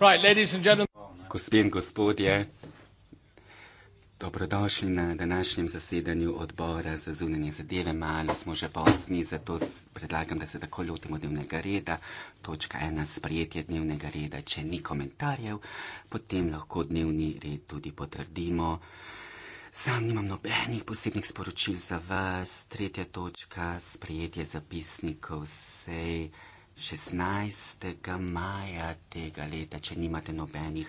Right, Gospe in gospodje, dobrodošli na današnjem zasedanju odbora za zunanje zadeve. Malo smo že posni, zato predlagam, da se tako lotimo dnevnega reda. Točka ena, sprejetje dnevnega reda. Če ni komentarjev, potem lahko dnevni red tudi potrdimo. Sam nimam nobenih posebnih sporočil za vas. Tretja točka, sprejetje zapisnikov sej. 16. maja tega leta, če nimate nobenih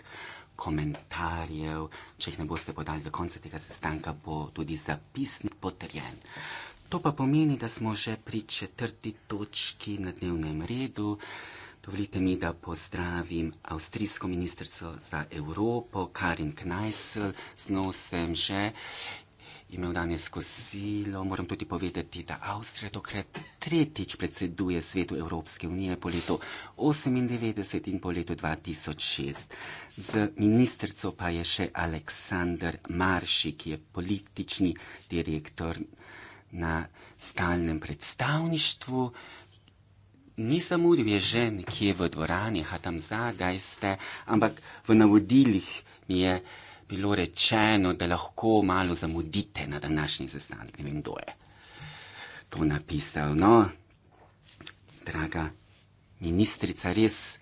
komentarjev, če jih ne boste podali do konca tega sestanka, bo tudi zapisnik potrjen. To pa pomeni, da smo že pri četrti točki na dnevnem redu. Dovolite mi, da pozdravim avstrijsko ministrico za Evropo, Karin Kneisel, z njo sem že imel danes kosilo. Moram tudi povedati, da Avstrija tokrat tretjič predseduje svetu Evropske unije po letu 1998 in po letu 2006. Z ministrico pa je še Aleksandr Marši, ki je politični direktor na stalnem predstavništvu. Nisem udil, je že nekje v dvorani, ha tam zadaj ste, ampak v navodilih mi je bilo rečeno, da lahko malo zamudite na današnji sestanek. Ne vem, kdo je to napisal. No, draga ministrica, res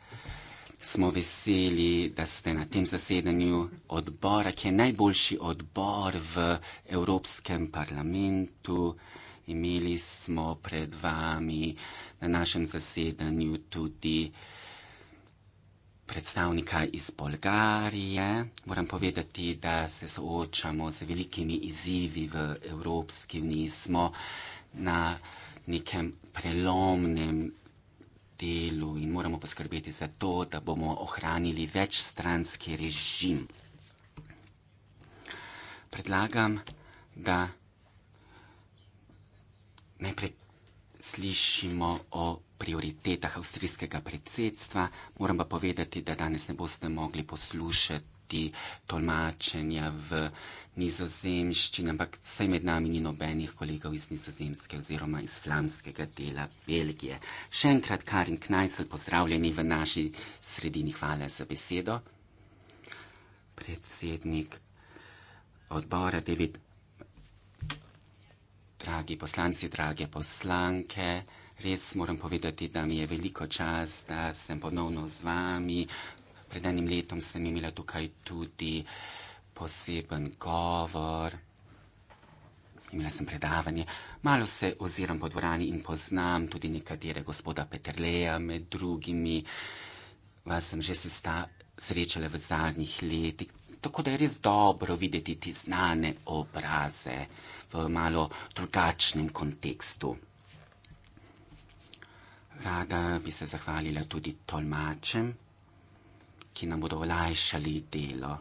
smo veseli, da ste na tem zasedanju odbora, ki je najboljši odbor v Evropskem parlamentu. Imeli smo pred vami na našem zasedanju tudi predstavnika iz Bolgarije. Moram povedati, da se soočamo z velikimi izzivi v Evropski uniji. Smo na nekem prelomnem delu in moramo poskrbeti za to, da bomo ohranili večstranski režim. Predlagam, da najprej slišimo o prioritetah avstrijskega predsedstva. Moram pa povedati, da danes ne boste mogli poslušati tolmačenja v nizozemščini, ampak vsaj med nami ni nobenih kolegov iz nizozemske oziroma iz flamskega dela Belgije. Še enkrat Karin Knajsel, pozdravljeni v naši sredini. Hvala za besedo. Predsednik odbora David dragi poslanci, drage poslanke. Res moram povedati, da mi je veliko čas, da sem ponovno z vami. Pred enim letom sem imela tukaj tudi poseben govor, imela sem predavanje. Malo se oziram po dvorani in poznam tudi nekatere gospoda Petrleja med drugimi. Vas sem že sesta, srečala v zadnjih letih, tako da je res dobro videti ti znane obraze v malo drugačnem kontekstu. Rada bi se zahvalila tudi tolmačem, ki nam bodo olajšali delo.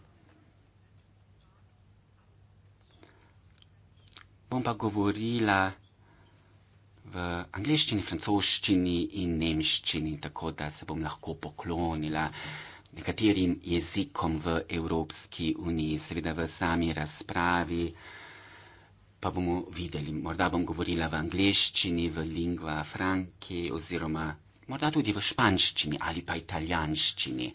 Bom pa govorila v angleščini, francoščini in nemščini, tako da se bom lahko poklonila nekaterim jezikom v Evropski uniji, seveda v sami razpravi. Pa bomo videli, morda bom govorila v angleščini, v lingua franki oziroma morda tudi v španščini ali pa italijanščini.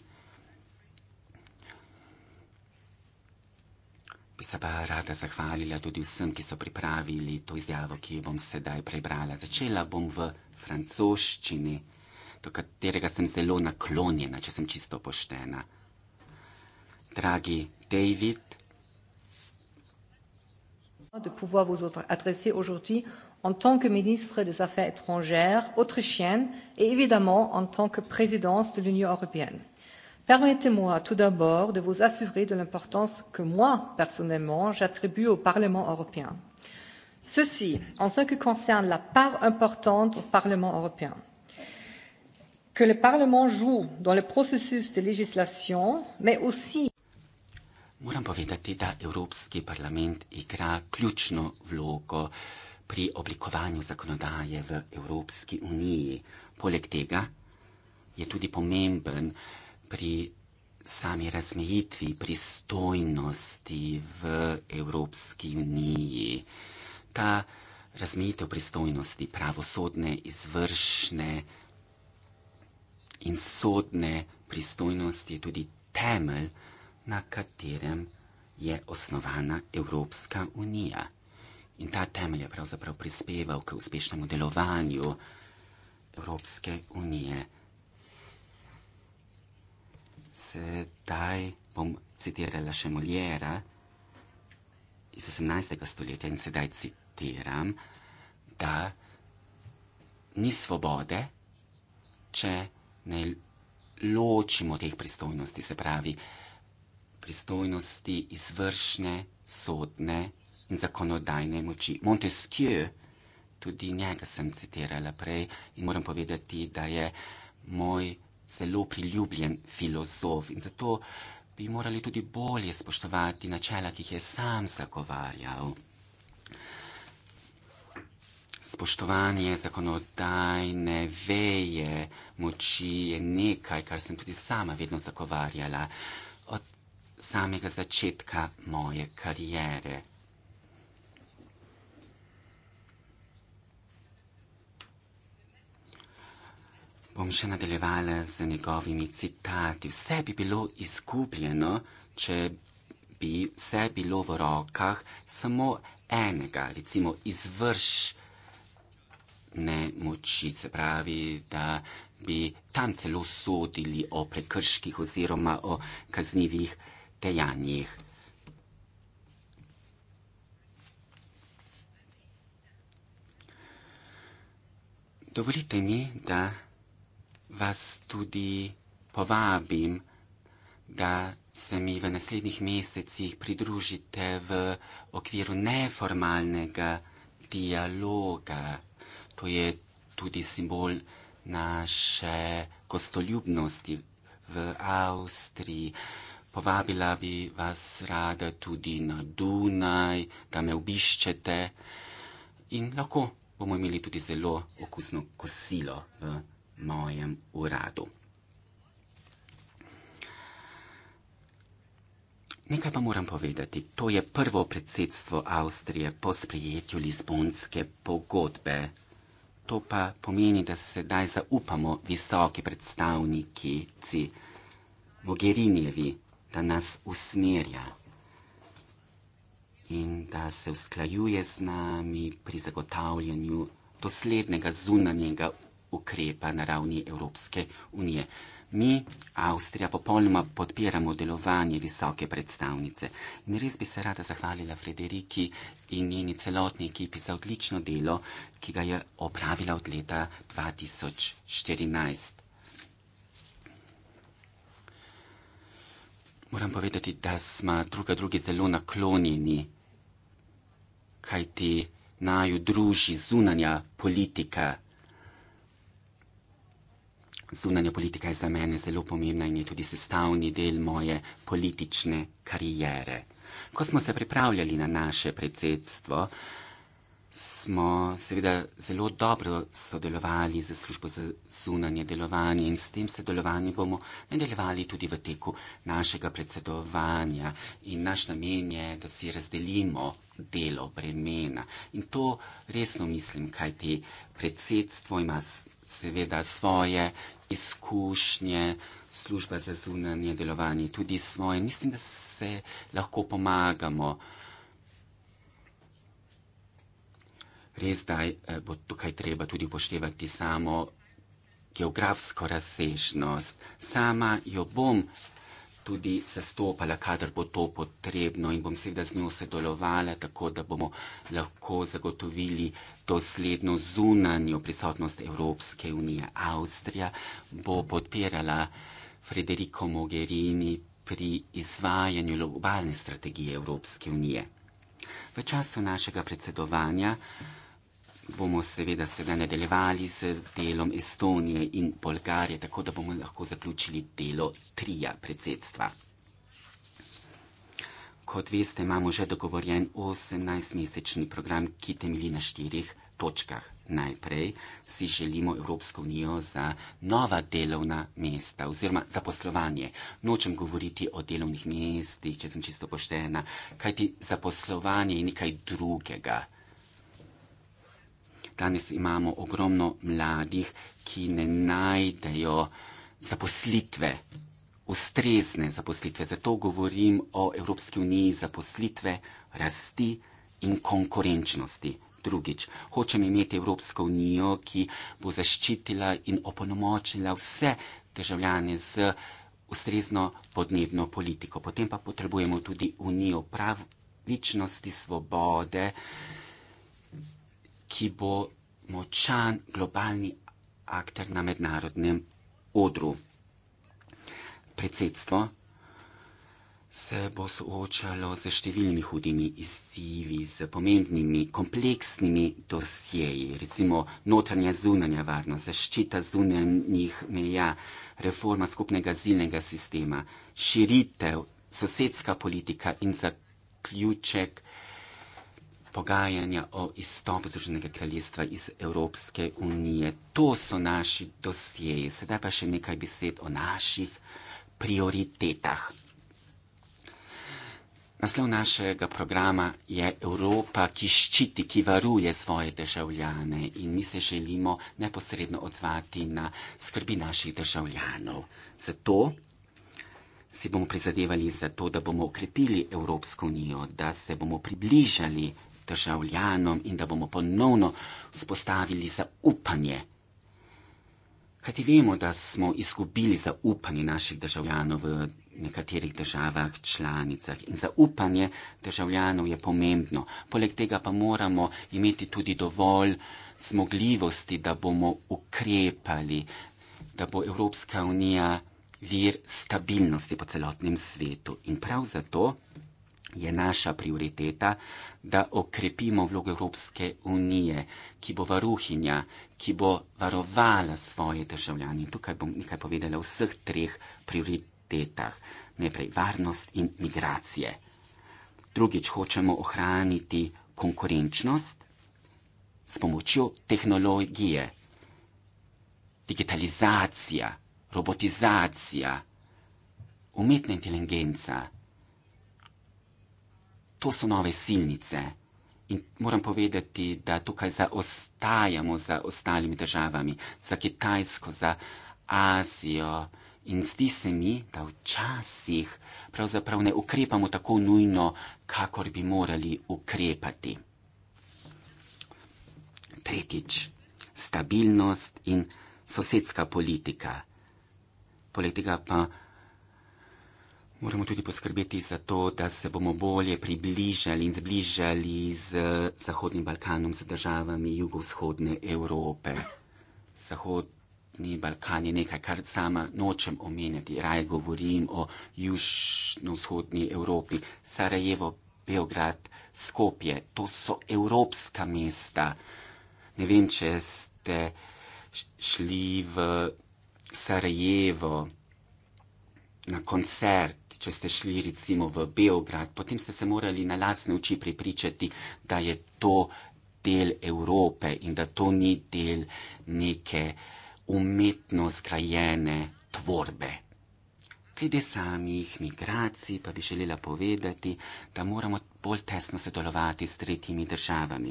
Bi se pa rada zahvalila tudi vsem, ki so pripravili to izjavo, ki jo bom sedaj prebrala. Začela bom v francoščini do katerega sem zelo naklonjena, če sem čisto poštena. Dragi David. De pouvoir vous adresser aujourd'hui en tant que ministre des Affaires étrangères autrichienne et évidemment en tant que présidence de l'Union européenne. Permettez-moi tout d'abord de vous assurer de l'importance que moi, personnellement, j'attribue au Parlement européen. Ceci en ce qui concerne la part importante au Parlement européen que le Parlement joue dans le processus de législation, mais aussi. Moram povedati, da Evropski parlament igra ključno vlogo pri oblikovanju zakonodaje v Evropski uniji. Poleg tega je tudi pomemben pri sami razmejitvi pristojnosti v Evropski uniji. Ta razmejitev pristojnosti pravosodne, izvršne, in sodne pristojnosti je tudi temelj, na katerem je osnovana Evropska unija. In ta temelj je pravzaprav prispeval k uspešnemu delovanju Evropske unije. Sedaj bom citirala še Moljera iz 18. stoletja in sedaj citiram, da ni svobode, če ne ločimo teh pristojnosti, se pravi pristojnosti izvršne, sodne in zakonodajne moči. Montesquieu, tudi njega sem citirala prej in moram povedati, da je moj zelo priljubljen filozof in zato bi morali tudi bolje spoštovati načela, ki jih je sam zagovarjal spoštovanje zakonodajne veje moči je nekaj, kar sem tudi sama vedno zagovarjala od samega začetka moje kariere. Bom še nadaljevala z njegovimi citati. Vse bi bilo izgubljeno, če bi vse bilo v rokah samo enega, recimo izvršnega nemoči. Se pravi, da bi tam celo sodili o prekrških oziroma o kaznjivih dejanjih. Dovolite mi, da vas tudi povabim, da se mi v naslednjih mesecih pridružite v okviru neformalnega dialoga to je tudi simbol naše gostoljubnosti v Avstriji. Povabila bi vas rada tudi na Dunaj, da me obiščete in lahko bomo imeli tudi zelo okusno kosilo v mojem uradu. Nekaj pa moram povedati. To je prvo predsedstvo Avstrije po sprejetju Lizbonske pogodbe To pa pomeni, da se daj zaupamo visoki predstavniki ci Mogherinjevi, da nas usmerja in da se usklajuje z nami pri zagotavljanju doslednega zunanjega ukrepa na ravni Evropske unije. Mi, Avstrija, popolnoma podpiramo delovanje visoke predstavnice in res bi se rada zahvalila Frederiki in njeni celotni ekipi za odlično delo, ki ga je opravila od leta 2014. Moram povedati, da smo druga drugi zelo naklonjeni, kaj ti naju druži zunanja politika. Zunanja politika je za mene zelo pomembna in je tudi sestavni del moje politične karijere. Ko smo se pripravljali na naše predsedstvo, smo seveda zelo dobro sodelovali z službo za zunanje delovanje in s tem sodelovanjem bomo nadaljevali tudi v teku našega predsedovanja. In naš namen je, da si razdelimo delo bremena. In to resno mislim, kaj ti predsedstvo ima seveda svoje izkušnje, služba za zunanje delovanje, tudi svoje. Mislim, da se lahko pomagamo. Res, da eh, bo tukaj treba tudi upoštevati samo geografsko razsežnost. Sama jo bom tudi zastopala, kadar bo to potrebno in bom seveda z njo sodelovala, tako da bomo lahko zagotovili dosledno zunanjo prisotnost Evropske unije. Avstrija bo podpirala Frederico Mogherini pri izvajanju globalne strategije Evropske unije. V času našega predsedovanja bomo seveda sedaj nadaljevali z delom Estonije in Bolgarije, tako da bomo lahko zaključili delo trija predsedstva. Kot veste, imamo že dogovorjen 18-mesečni program, ki temeli na štirih točkah. Najprej si želimo Evropsko unijo za nova delovna mesta oziroma za poslovanje. Nočem govoriti o delovnih mestih, če sem čisto poštena, kajti za poslovanje je nekaj drugega. Danes imamo ogromno mladih, ki ne najdejo zaposlitve, ustrezne zaposlitve. Zato govorim o Evropski uniji zaposlitve, rasti in konkurenčnosti. Drugič, hočem imeti Evropsko unijo, ki bo zaščitila in opolnomočila vse državljane z ustrezno podnebno politiko. Potem pa potrebujemo tudi unijo pravičnosti, svobode ki bo močan globalni akter na mednarodnem odru. Predsedstvo se bo soočalo z številnimi hudimi izzivi, z pomembnimi, kompleksnimi dosjeji, recimo notranja zunanja varnost, zaščita zunanjih meja, reforma skupnega zilnega sistema, širitev, sosedska politika in zaključek pogajanja o izstopu Združenega kraljestva iz Evropske unije. To so naši dosjeji. Sedaj pa še nekaj besed o naših prioritetah. Naslov našega programa je Evropa, ki ščiti, ki varuje svoje državljane in mi se želimo neposredno odzvati na skrbi naših državljanov. Zato si bomo prizadevali za to, da bomo okrepili Evropsko unijo, da se bomo približali državljanom in da bomo ponovno spostavili zaupanje. Kajti vemo, da smo izgubili zaupanje naših državljanov v nekaterih državah, članicah in zaupanje državljanov je pomembno. Poleg tega pa moramo imeti tudi dovolj zmogljivosti, da bomo ukrepali, da bo Evropska unija vir stabilnosti po celotnem svetu. In prav zato je naša prioriteta, da okrepimo vlogo Evropske unije, ki bo varuhinja, ki bo varovala svoje državljane. In tukaj bom nekaj povedala o vseh treh prioritetah. Najprej varnost in migracije. Drugič, hočemo ohraniti konkurenčnost s pomočjo tehnologije, digitalizacija, robotizacija, umetna inteligenca to so nove silnice. In moram povedati, da tukaj zaostajamo za ostalimi državami, za Kitajsko, za Azijo. In zdi se mi, da včasih pravzaprav ne ukrepamo tako nujno, kakor bi morali ukrepati. Tretjič, stabilnost in sosedska politika. Poleg tega pa. Moramo tudi poskrbeti za to, da se bomo bolje približali in zbližali z eh, Zahodnim Balkanom, z državami jugovzhodne Evrope. Zahodni Balkan je nekaj, kar sama nočem omenjati. Raj govorim o južno-vzhodni Evropi, Sarajevo, Beograd, Skopje. To so evropska mesta. Ne vem, če ste šli v Sarajevo na koncert če ste šli recimo v Beograd, potem ste se morali na lasne oči prepričati, da je to del Evrope in da to ni del neke umetno zgrajene tvorbe. Glede samih migracij pa bi želela povedati, da moramo bolj tesno sodelovati s tretjimi državami.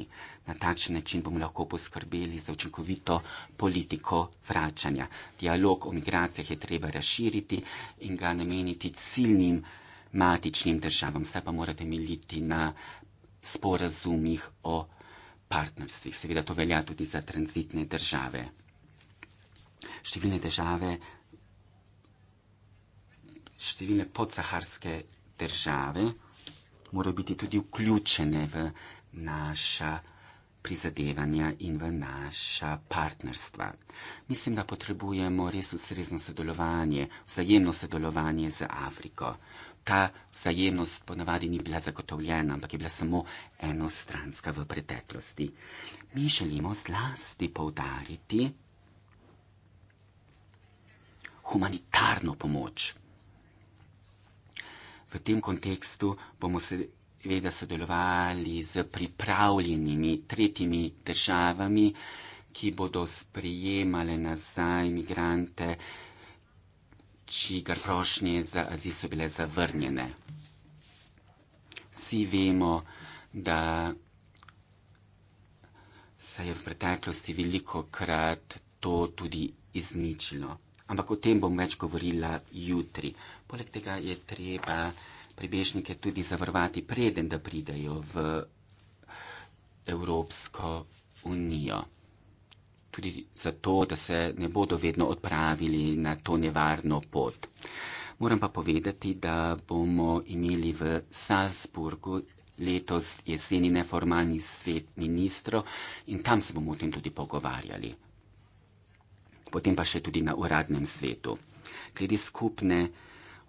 Na takšen način bomo lahko poskrbeli za učinkovito politiko vračanja. Dialog o migracijah je treba razširiti in ga nameniti ciljnim matičnim državam. Vse pa morate militi na sporazumih o partnerstvih. Seveda to velja tudi za tranzitne države. Številne države, številne podsaharske države, morajo biti tudi vključene v naša prizadevanja in v naša partnerstva. Mislim, da potrebujemo res ustrezno sodelovanje, vzajemno sodelovanje z Afriko. Ta vzajemnost ponavadi ni bila zagotovljena, ampak je bila samo enostranska v preteklosti. Mi želimo zlasti poudariti humanitarno pomoč. V tem kontekstu bomo seveda sodelovali z pripravljenimi tretjimi državami, ki bodo sprejemale nazaj imigrante, čigar prošnje za azil so bile zavrnjene. Vsi vemo, da se je v preteklosti veliko krat to tudi izničilo. Ampak o tem bom več govorila jutri. Poleg tega je treba prebežnike tudi zavarovati preden, da pridejo v Evropsko unijo. Tudi zato, da se ne bodo vedno odpravili na to nevarno pot. Moram pa povedati, da bomo imeli v Salzburgu letos jeseni neformalni svet ministrov in tam se bomo o tem tudi pogovarjali. Potem pa še tudi na uradnem svetu. Glede skupne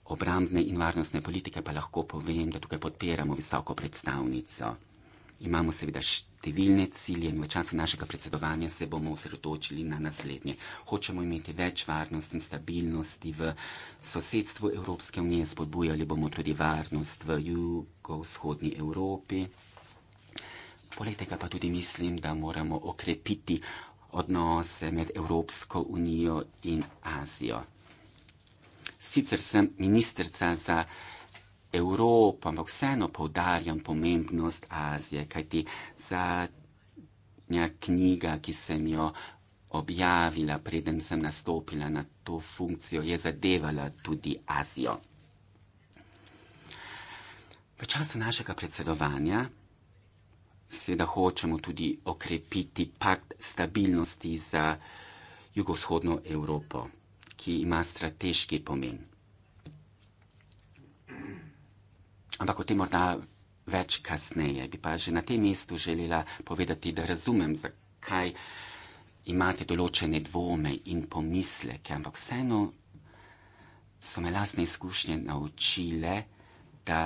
obrambne in varnostne politike pa lahko povem, da tukaj podpiramo visoko predstavnico. Imamo seveda številne cilje in v času našega predsedovanja se bomo osredotočili na naslednje. Hočemo imeti več varnosti in stabilnosti v sosedstvu Evropske unije, spodbujali bomo tudi varnost v jugovzhodni Evropi. Poleg tega pa tudi mislim, da moramo okrepiti odnose med Evropsko unijo in Azijo sicer sem ministrica za Evropo, ampak vseeno povdarjam pomembnost Azije, kajti zadnja knjiga, ki sem jo objavila, preden sem nastopila na to funkcijo, je zadevala tudi Azijo. V času našega predsedovanja seveda hočemo tudi okrepiti pakt stabilnosti za jugovzhodno Evropo ki ima strateški pomen. Ampak o tem morda več kasneje. Bi pa že na tem mestu želela povedati, da razumem, zakaj imate določene dvome in pomisleke, ampak vseeno so me lasne izkušnje naučile, da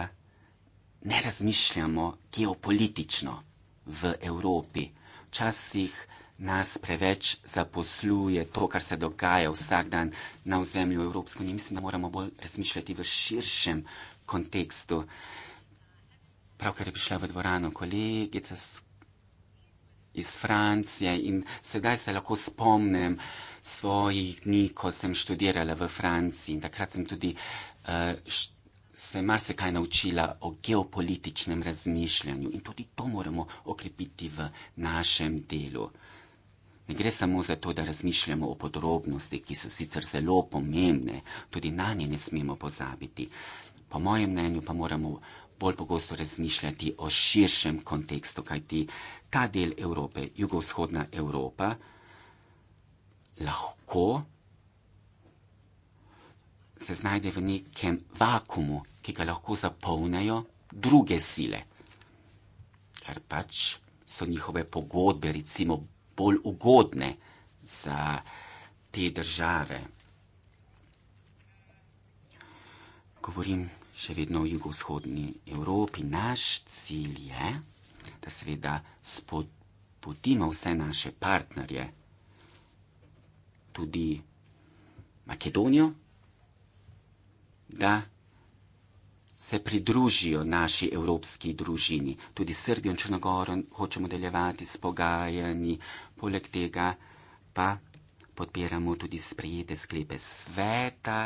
ne razmišljamo geopolitično v Evropi. Včasih nas preveč zaposluje to, kar se dogaja vsak dan na ozemlju Evropske unije. Mislim, da moramo bolj razmišljati v širšem kontekstu. Pravkar je prišla v dvorano kolegica iz Francije in sedaj se lahko spomnim svojih dni, ko sem študirala v Franciji in takrat sem tudi uh, se marsikaj naučila o geopolitičnem razmišljanju in tudi to moramo okrepiti v našem delu. Ne gre samo za to, da razmišljamo o podrobnosti, ki so sicer zelo pomembne, tudi na nje ne smemo pozabiti. Po mojem mnenju pa moramo bolj pogosto razmišljati o širšem kontekstu, kajti ta del Evrope, jugovzhodna Evropa, lahko se znajde v nekem vakumu, ki ga lahko zapolnijo druge sile, kar pač so njihove pogodbe, recimo bolj ugodne za te države. Govorim še vedno o jugovzhodni Evropi. Naš cilj je, da seveda spodbudimo vse naše partnerje, tudi Makedonijo, da se pridružijo naši evropski družini. Tudi Srbijo in Črnogoro hočemo delovati s pogajanji, poleg tega pa podpiramo tudi sprejete sklepe sveta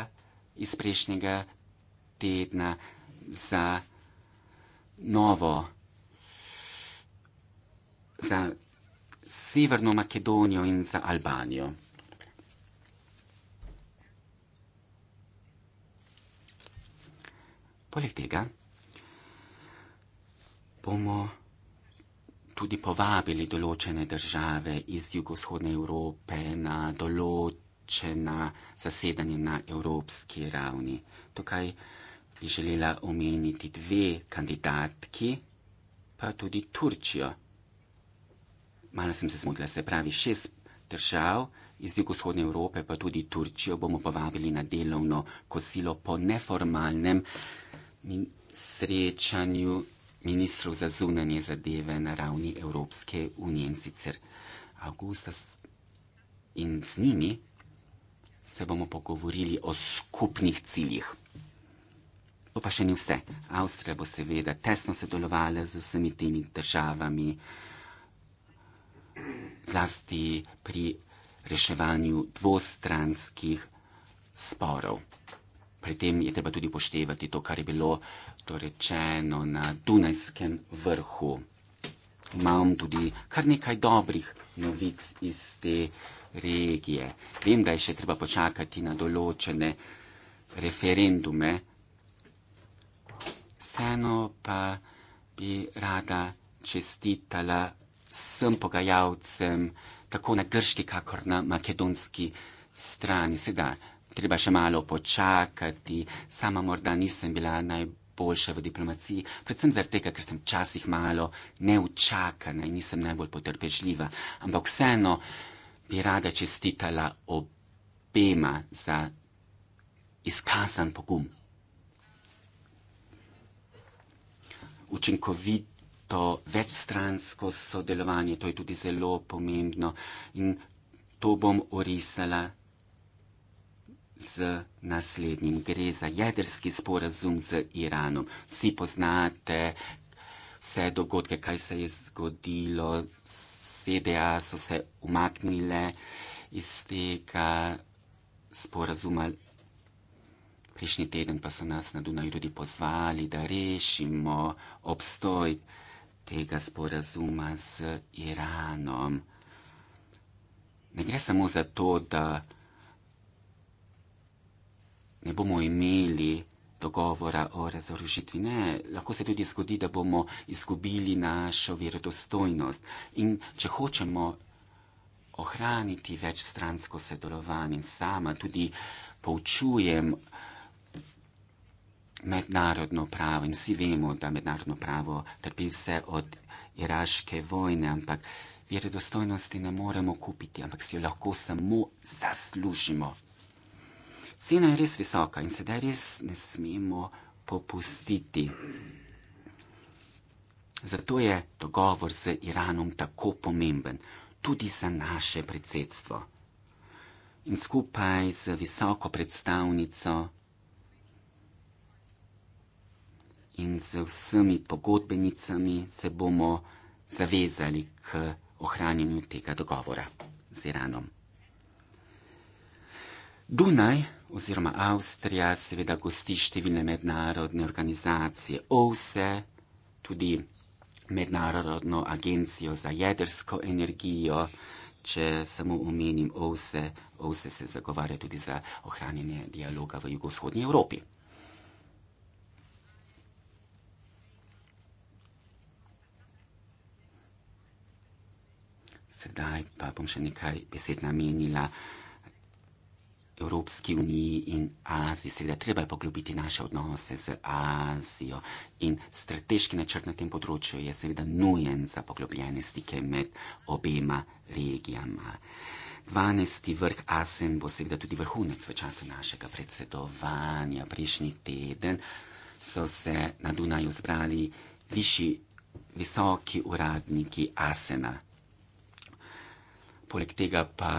iz prejšnjega tedna za novo, za Severno Makedonijo in za Albanijo. Poleg tega bomo tudi povabili določene države iz jugovzhodne Evrope na določena zasedanja na evropski ravni. Tukaj bi želela omeniti dve kandidatki, pa tudi Turčijo. Malo sem se zmotila, se pravi šest držav iz jugovzhodne Evrope, pa tudi Turčijo bomo povabili na delovno kosilo po neformalnem srečanju ministrov za zunanje zadeve na ravni Evropske unije in sicer avgusta. In z njimi se bomo pogovorili o skupnih ciljih. To pa še ni vse. Avstrija bo seveda tesno sodelovala z vsemi temi državami, zlasti pri reševanju dvostranskih sporov pri tem je treba tudi upoštevati to, kar je bilo dorečeno na Dunajskem vrhu. Imam tudi kar nekaj dobrih novic iz te regije. Vem, da je še treba počakati na določene referendume, vseeno pa bi rada čestitala vsem pogajalcem, tako na grški, kakor na makedonski strani. Sedaj, treba še malo počakati, sama morda nisem bila najboljša v diplomaciji, predvsem zato, ker sem včasih malo neučakana in nisem najbolj potrpežljiva. Ampak vseeno bi rada čestitala obema za izkazan pogum. Učinkovito večstransko sodelovanje, to je tudi zelo pomembno in to bom orisala z naslednjim. Gre za jedrski sporazum z Iranom. Vsi poznate vse dogodke, kaj se je zgodilo, ZDA so se umaknile iz tega sporazuma. Prejšnji teden pa so nas na Dunaju tudi pozvali, da rešimo obstoj tega sporazuma z Iranom. Ne gre samo za to, da ne bomo imeli dogovora o razorožitvi. Ne, lahko se tudi zgodi, da bomo izgubili našo verodostojnost. In če hočemo ohraniti več stransko sodelovanje in sama tudi poučujem mednarodno pravo in vsi vemo, da mednarodno pravo trpi vse od iraške vojne, ampak verodostojnosti ne moremo kupiti, ampak si jo lahko samo zaslužimo cena je res visoka in sedaj res ne smemo popustiti. Zato je dogovor z Iranom tako pomemben, tudi za naše predsedstvo. In skupaj z visoko predstavnico in z vsemi pogodbenicami se bomo zavezali k ohranjanju tega dogovora z Iranom. Dunaj oziroma Avstrija seveda gosti številne mednarodne organizacije OVSE, tudi Mednarodno agencijo za jedrsko energijo, če samo omenim OVSE, OVSE se zagovarja tudi za ohranjanje dialoga v jugovzhodnji Evropi. Sedaj pa bom še nekaj besed namenila Evropski uniji in Aziji. Seveda, treba je poglobiti naše odnose z Azijo in strateški načrt na tem področju je seveda nujen za poglobljene stike med obema regijama. 12. vrh ASEM bo seveda tudi vrhunec v času našega predsedovanja. Prejšnji teden so se na Dunaju zbrali višji, visoki uradniki ASEM-a. Poleg tega pa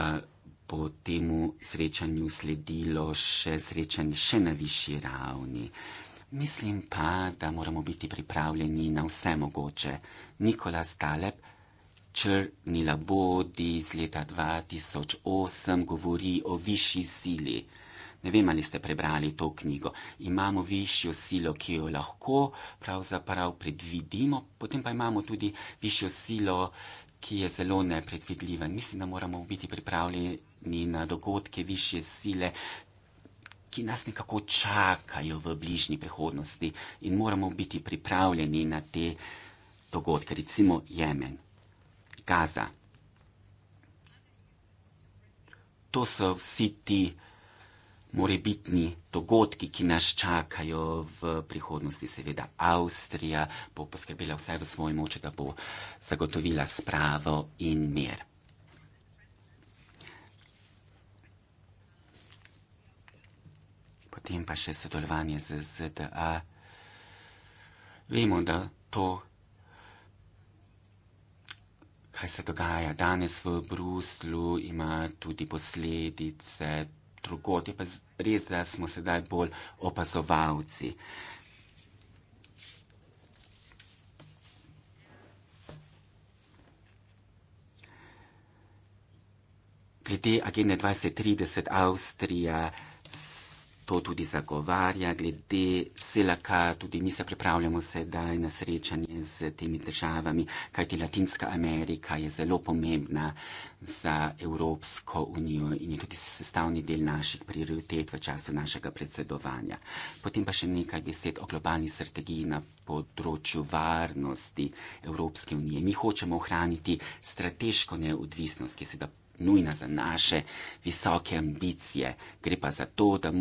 po tem srečanju sledilo še srečanje še na višji ravni. Mislim pa, da moramo biti pripravljeni na vse mogoče. Nikola Staleb, črni labodi iz leta 2008, govori o višji sili. Ne vem, ali ste prebrali to knjigo. Imamo višjo silo, ki jo lahko pravzaprav predvidimo, potem pa imamo tudi višjo silo, ki je zelo nepredvidljiva. Mislim, da moramo biti pripravljeni dni, na dogodke više sile, ki nas nekako čakajo v bližnji prihodnosti in moramo biti pripravljeni na te dogodke, recimo Jemen, Gaza. To so vsi ti morebitni dogodki, ki nas čakajo v prihodnosti. Seveda Avstrija bo poskrbela vse v svoji moči, da bo zagotovila spravo in mir. potem pa še sodelovanje z ZDA. Vemo, da to, kaj se dogaja danes v Bruslu, ima tudi posledice drugot. Je pa res, da smo sedaj bolj opazovalci. Glede agende 2030 Avstrija, to tudi zagovarja, glede SELAKA, tudi mi se pripravljamo sedaj na srečanje z temi državami, kajti Latinska Amerika je zelo pomembna za Evropsko unijo in je tudi sestavni del naših prioritet v času našega predsedovanja. Potem pa še nekaj besed o globalni strategiji na področju varnosti Evropske unije. Mi hočemo ohraniti strateško neodvisnost, ki je sedaj nujna za naše visoke ambicije, gre pa za to, da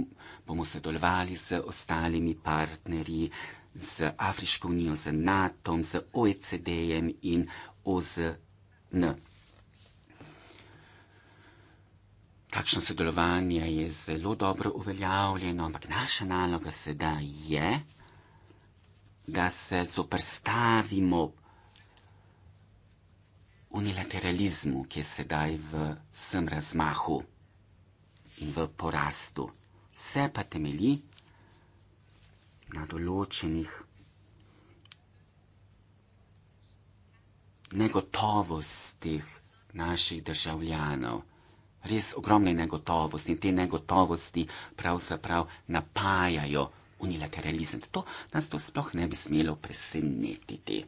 bomo sodelovali z ostalimi partnerji, z Afriško unijo, z NATO-om, z OECD-jem in OZN. Takšno sodelovanje je zelo dobro uveljavljeno, ampak naša naloga sedaj je, da se zoprstavimo unilateralizmu, ki je sedaj v vsem razmahu in v porastu. Vse pa temelji na določenih negotovostih naših državljanov. Res ogromne negotovosti in te negotovosti pravzaprav napajajo unilateralizem. Zato nas to sploh ne bi smelo presenetiti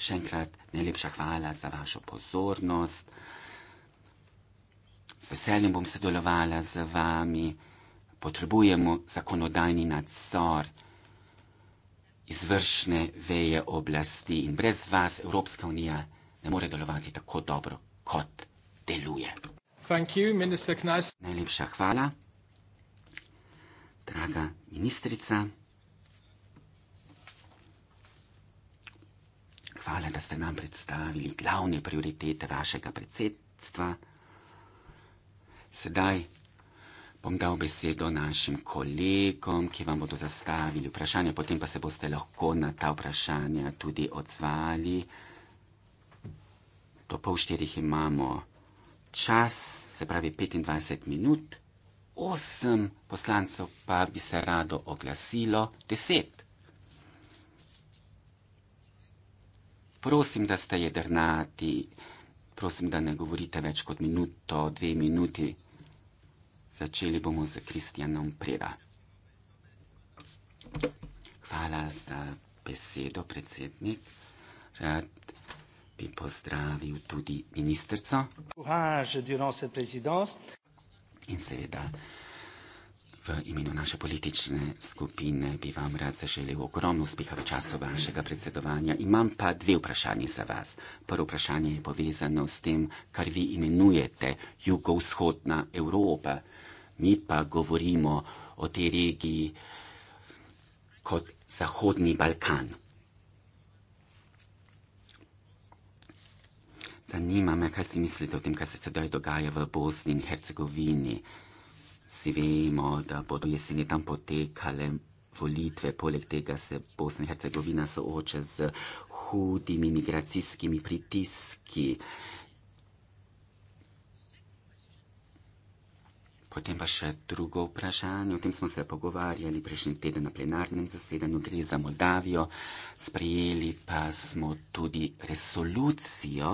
še enkrat najlepša hvala za vašo pozornost. Z veseljem bom sodelovala z vami. Potrebujemo zakonodajni nadzor izvršne veje oblasti in brez vas Evropska unija ne more delovati tako dobro, kot deluje. You, Najlepša hvala, draga ministrica. Hvala, da ste nam predstavili glavne prioritete vašega predsedstva. Sedaj bom dal besedo našim kolegom, ki vam bodo zastavili vprašanja, potem pa se boste lahko na ta vprašanja tudi odzvali. Do pol štirih imamo čas, se pravi 25 minut, osem poslancev pa bi se rado oglasilo, deset. prosim, da ste jedrnati, prosim, da ne govorite več kot minuto, dve minuti. Začeli bomo z Kristjanom Preva. Hvala za besedo, predsednik. Rad bi pozdravil tudi ministrico. Hvala, že dirose prezidost. In seveda. V imenu naše politične skupine bi vam rad zaželel ogromno uspeha v času vašega predsedovanja. Imam pa dve vprašanje za vas. Prvo vprašanje je povezano s tem, kar vi imenujete jugovzhodna Evropa. Mi pa govorimo o tej regiji kot Zahodni Balkan. Zanima me, kaj si mislite o tem, kaj se sedaj dogaja v Bosni in Hercegovini. Vsi vemo, da bodo jeseni tam potekale volitve, poleg tega se Bosna in Hercegovina sooča z hudimi migracijskimi pritiski. Potem pa še drugo vprašanje, o tem smo se pogovarjali prejšnji teden na plenarnem zasedanju, gre za Moldavijo, sprejeli pa smo tudi resolucijo,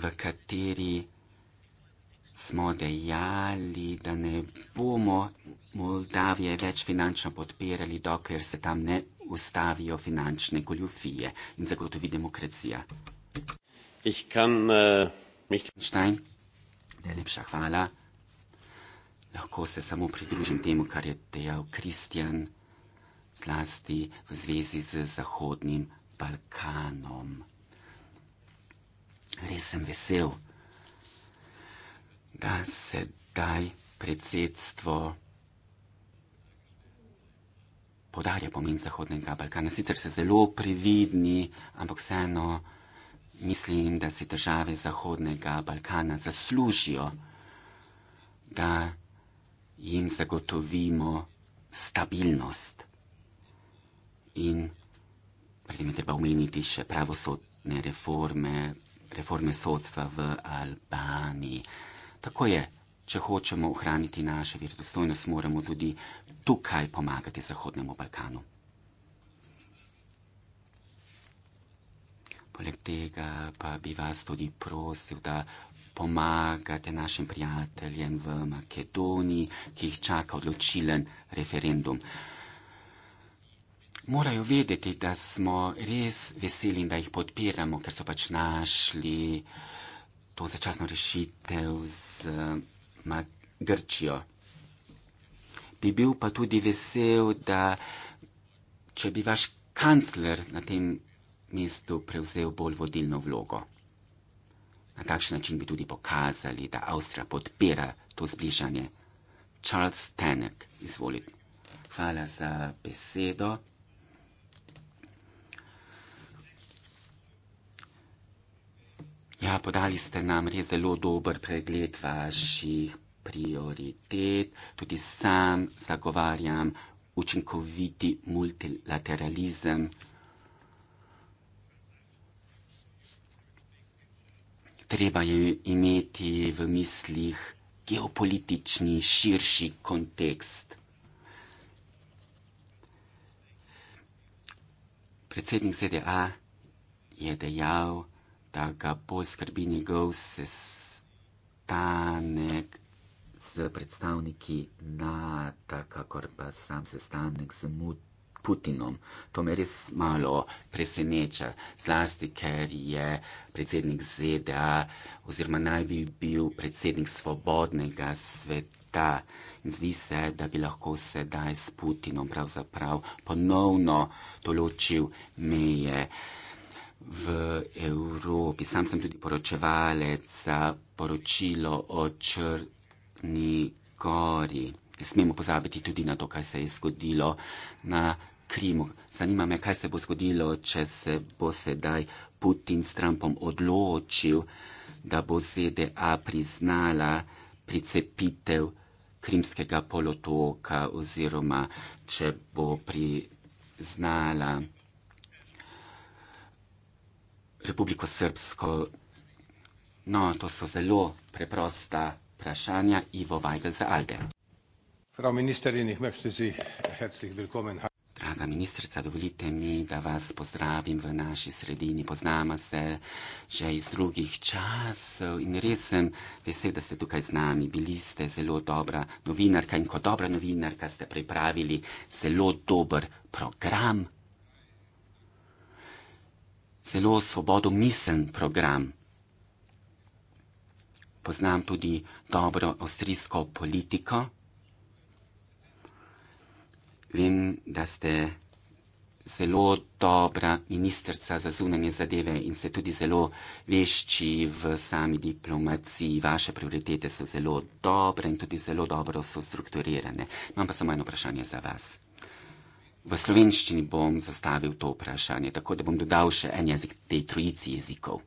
v kateri smo dejali, da ne bomo Moldavije več finančno podpirali, dokler se tam ne ustavijo finančne goljufije in zagotovi demokracija. Ich kann, uh, mich... Stein, najlepša hvala. Lahko se samo pridružim temu, kar je dejal Kristjan, zlasti v zvezi z Zahodnim Balkanom. Res sem vesel da sedaj predsedstvo podarja pomen Zahodnega Balkana. Sicer se zelo prividni, ampak vseeno mislim, da si države Zahodnega Balkana zaslužijo, da jim zagotovimo stabilnost. In predtem je treba omeniti še pravosodne reforme, reforme sodstva v Albaniji. Tako je, če hočemo ohraniti našo verodostojnost, moramo tudi tukaj pomagati Zahodnemu Balkanu. Poleg tega pa bi vas tudi prosil, da pomagate našim prijateljem v Makedoniji, ki jih čaka odločilen referendum. Morajo vedeti, da smo res veseli in da jih podpiramo, ker so pač našli uh, to začasno rešitev z Grčijo. Bi bil pa tudi vesel, da če bi vaš kancler na tem mestu prevzel bolj vodilno vlogo. Na takšen način bi tudi pokazali, da Avstrija podpira to zbližanje. Charles Tenek, izvolite. Hvala za besedo. Ja, podali ste nam res zelo dober pregled vaših prioritet. Tudi sam zagovarjam učinkoviti multilateralizem. Treba je imeti v mislih geopolitični širši kontekst. Predsednik ZDA je dejal, da ga poskrbi njegov sestanek z predstavniki NATO, kakor pa sam sestanek z Putinom. To me res malo preseneča, zlasti ker je predsednik ZDA oziroma naj bi bil predsednik svobodnega sveta. In zdi se, da bi lahko sedaj s Putinom pravzaprav ponovno določil meje v Evropi. Sam sem tudi poročevalec za poročilo o Črni gori. Ne smemo pozabiti tudi na to, kaj se je zgodilo na Krimu. Zanima me, kaj se bo zgodilo, če se bo sedaj Putin s Trumpom odločil, da bo ZDA priznala pricepitev krimskega polotoka oziroma če bo priznala Republiko Srpsko? No, to so zelo preprosta vprašanja. Ivo Vajgl za Alde. Frau ministerin, ich möchte Sie herzlich willkommen. Draga ministrica, dovolite mi, da vas pozdravim v naši sredini. Poznamo se že iz drugih časov in res sem vesel, da ste tukaj z nami. Bili ste zelo dobra novinarka in kot dobra novinarka ste pripravili zelo dober program zelo svobodomisen program. Poznam tudi dobro avstrijsko politiko. Vem, da ste zelo dobra ministrica za zunanje zadeve in ste tudi zelo vešči v sami diplomaciji. Vaše prioritete so zelo dobre in tudi zelo dobro so strukturirane. Imam pa samo eno vprašanje za vas. V slovenščini bom zastavil to vprašanje, tako da bom dodal še en jezik tej trojici jezikov.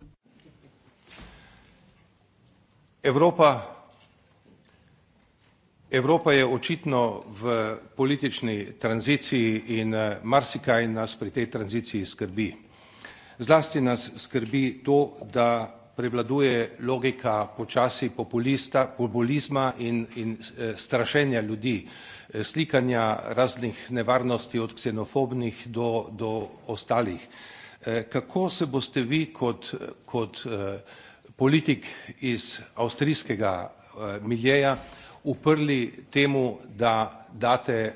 Evropa, Evropa je očitno v politični tranziciji in eh, marsikaj nas pri tej tranziciji skrbi. Zlasti nas skrbi to, da prevladuje logika počasi populista, populizma in, in eh, strašenja ljudi. Eh, slikanja raznih nevarnosti od ksenofobnih do, do ostalih. Eh, kako se boste vi kot, kot eh, politik iz avstrijskega miljeja uprli temu, da date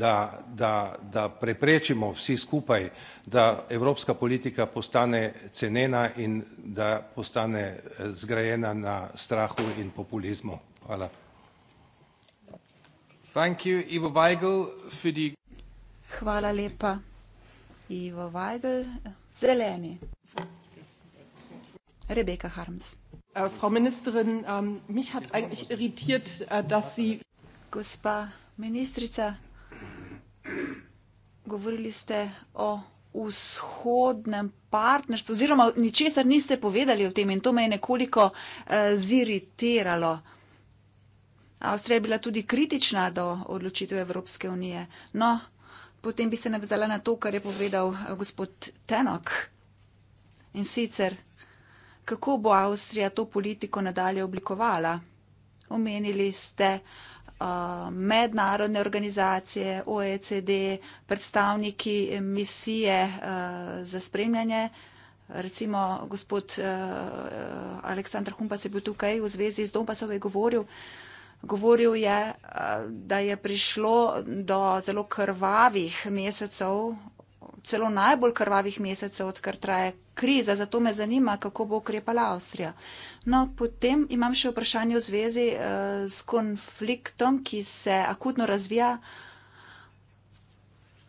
Da, da, da preprečimo vsi skupaj, da evropska politika postane cenena in da postane zgrajena na strahu in populizmu. Hvala. Hvala lepa, Ivo Weigl. Zeleni. Rebeka Harms. Äh, ähm, äh, Gospa ministrica, govorili ste o vzhodnem partnerstvu, oziroma ničesar niste povedali o tem in to me je nekoliko äh, ziritiralo. Avstrija je bila tudi kritična do odločitve Evropske unije. No, potem bi se navezala na to, kar je povedal eh, gospod Tenok. In sicer, kako bo Avstrija to politiko nadalje oblikovala? Omenili ste uh, mednarodne organizacije, OECD, predstavniki eh, misije uh, za spremljanje. Recimo gospod uh, Aleksandr Humpas je bil tukaj v zvezi z Dombasovej govoril. Uh, Govoril je, eh, da je prišlo do zelo krvavih mesecev, celo najbolj krvavih mesecev, odkar traje kriza. Zato me zanima, kako bo ukrepala Avstrija. No, potem imam še vprašanje v zvezi eh, s konfliktom, ki se akutno razvija.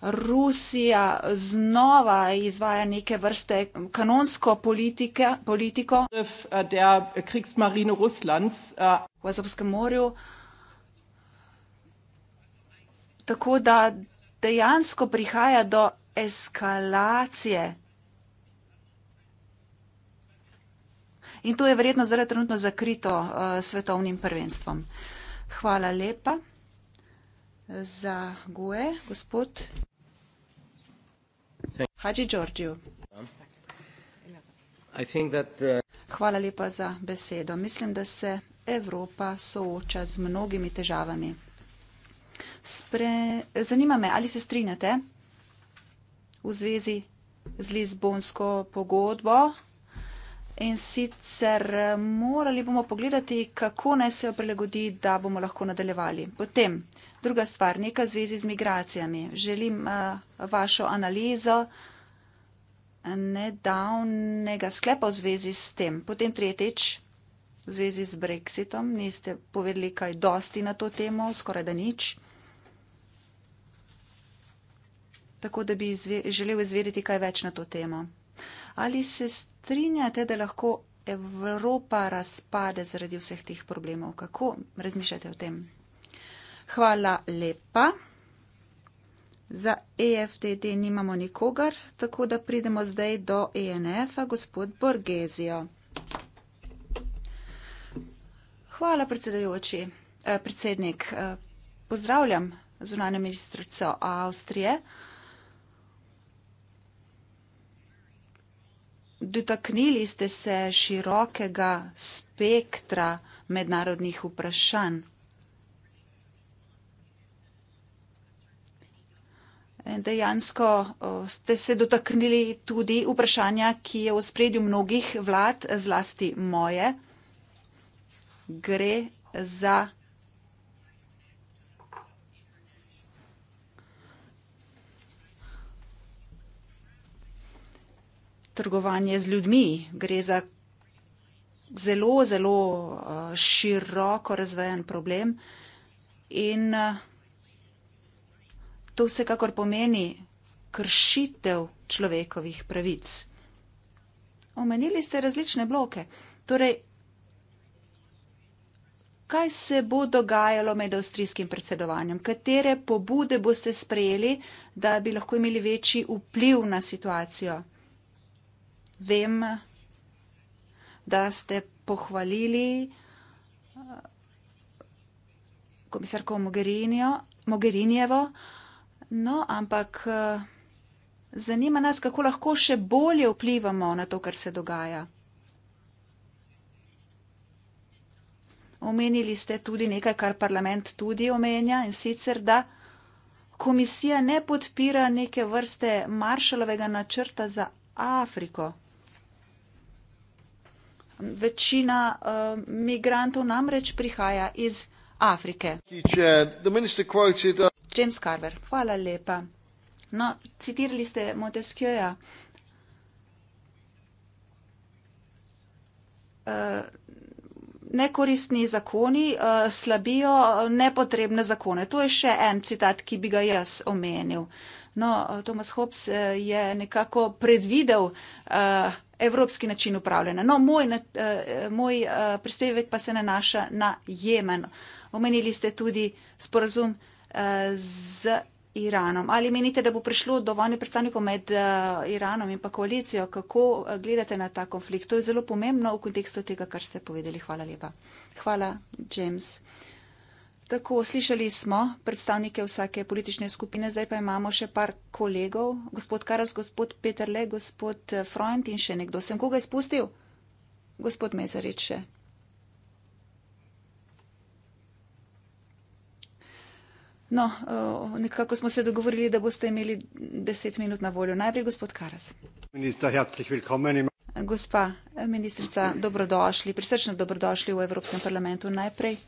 Rusija znova izvaja neke vrste kanonsko politike, politiko eh, eh, v Azovskem morju. Tako da dejansko prihaja do eskalacije. In to je verjetno zaradi trenutno zakrito uh, svetovnim prvenstvom. Hvala lepa za goje, gospod. Hadži Đorđiju. Uh, Hvala lepa za besedo. Mislim, da se Evropa sooča z mnogimi težavami. Spre... Zanima me, ali se strinjate v zvezi z Lizbonsko pogodbo, in sicer eh, morali bomo pogledati, kako naj se jo prilagodi, da bomo lahko nadaljevali. Potem, druga stvar, neka zvezi z migracijami. Želim uh, vašo analizo eh, nedavnega sklepa v zvezi s tem. Potem tretjič, v zvezi z Brexitom, niste povedali kaj dosti na to temo, skoraj da nič. Tako da bi želel izvedeti kaj več na to temo. Ali se strinjate, da lahko Evropa razpade zaradi vseh teh problemov? Kako razmišljate o tem? Hvala lepa. Za EFDD nimamo nikogar, tako da pridemo zdaj do ENF-a, gospod Borgezijo. Hvala, predsedujoči, eh, predsednik. Eh, pozdravljam zunanjo ministrico Avstrije. Dotaknili ste se širokega spektra mednarodnih vprašanj. Dejansko ste se dotaknili tudi vprašanja, ki je v spredju mnogih vlad, zlasti moje. Gre za. trgovanje z ljudmi, gre za zelo, zelo eh, široko razvejen problem in eh, to vsekakor pomeni kršitev človekovih pravic. Omenili ste različne bloke. Torej, kaj se bo dogajalo med avstrijskim predsedovanjem? Katere pobude boste sprejeli, da bi lahko imeli večji vpliv na situacijo? vem, da ste pohvalili eh, komisarko Mogherinjevo, no, ampak eh, zanima nas, kako lahko še bolje vplivamo na to, kar se dogaja. Omenili ste tudi nekaj, kar parlament tudi omenja in sicer, da komisija ne podpira neke vrste maršalovega načrta za Afriko večina uh, migrantov namreč prihaja iz Afrike. Uh, James Carver, hvala lepa. No, citirali ste Montesquieu-a. Uh, Nekoristni zakoni uh, slabijo nepotrebne zakone. To je še en citat, ki bi ga jaz omenil. No, Thomas Hobbes je nekako predvidel uh, evropski način upravljanja. No, moj, uh, moj uh, prispevek pa se nanaša na Jemen. Omenili ste tudi sporazum uh, z Iranom. Ali menite, da bo prišlo do vojne predstavnikov med uh, Iranom in pa koalicijo? Kako uh, gledate na ta konflikt? To je zelo pomembno v kontekstu tega, kar ste povedali. Hvala lepa. Hvala, James. Tako slišali smo predstavnike vsake politične skupine, zdaj pa imamo še par kolegov, gospod Karas, gospod Peterle, gospod eh, Freund in še nekdo. Sem koga izpustil? Gospod Mezarič še. No, eh, nekako smo se dogovorili, da boste imeli deset minut na voljo. Najprej gospod Karas. Gospa eh, ministrica, dobrodošli, prisrčno dobrodošli v Evropskem parlamentu. Najprej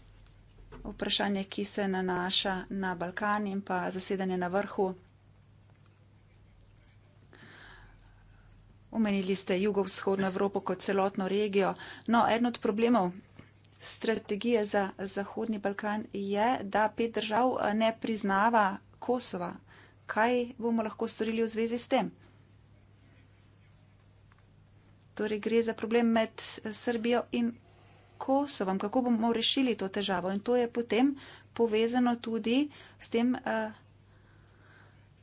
vprašanje, ki se nanaša na Balkan in pa zasedanje na vrhu. Omenili ste jugovzhodno Evropo kot celotno regijo. No, en od problemov strategije za Zahodni Balkan je, da pet držav eh, ne priznava Kosova. Kaj bomo lahko storili v zvezi s tem? Torej gre za problem med eh, Srbijo in kako so vam, kako bomo rešili to težavo. In to je potem povezano tudi s tem, eh,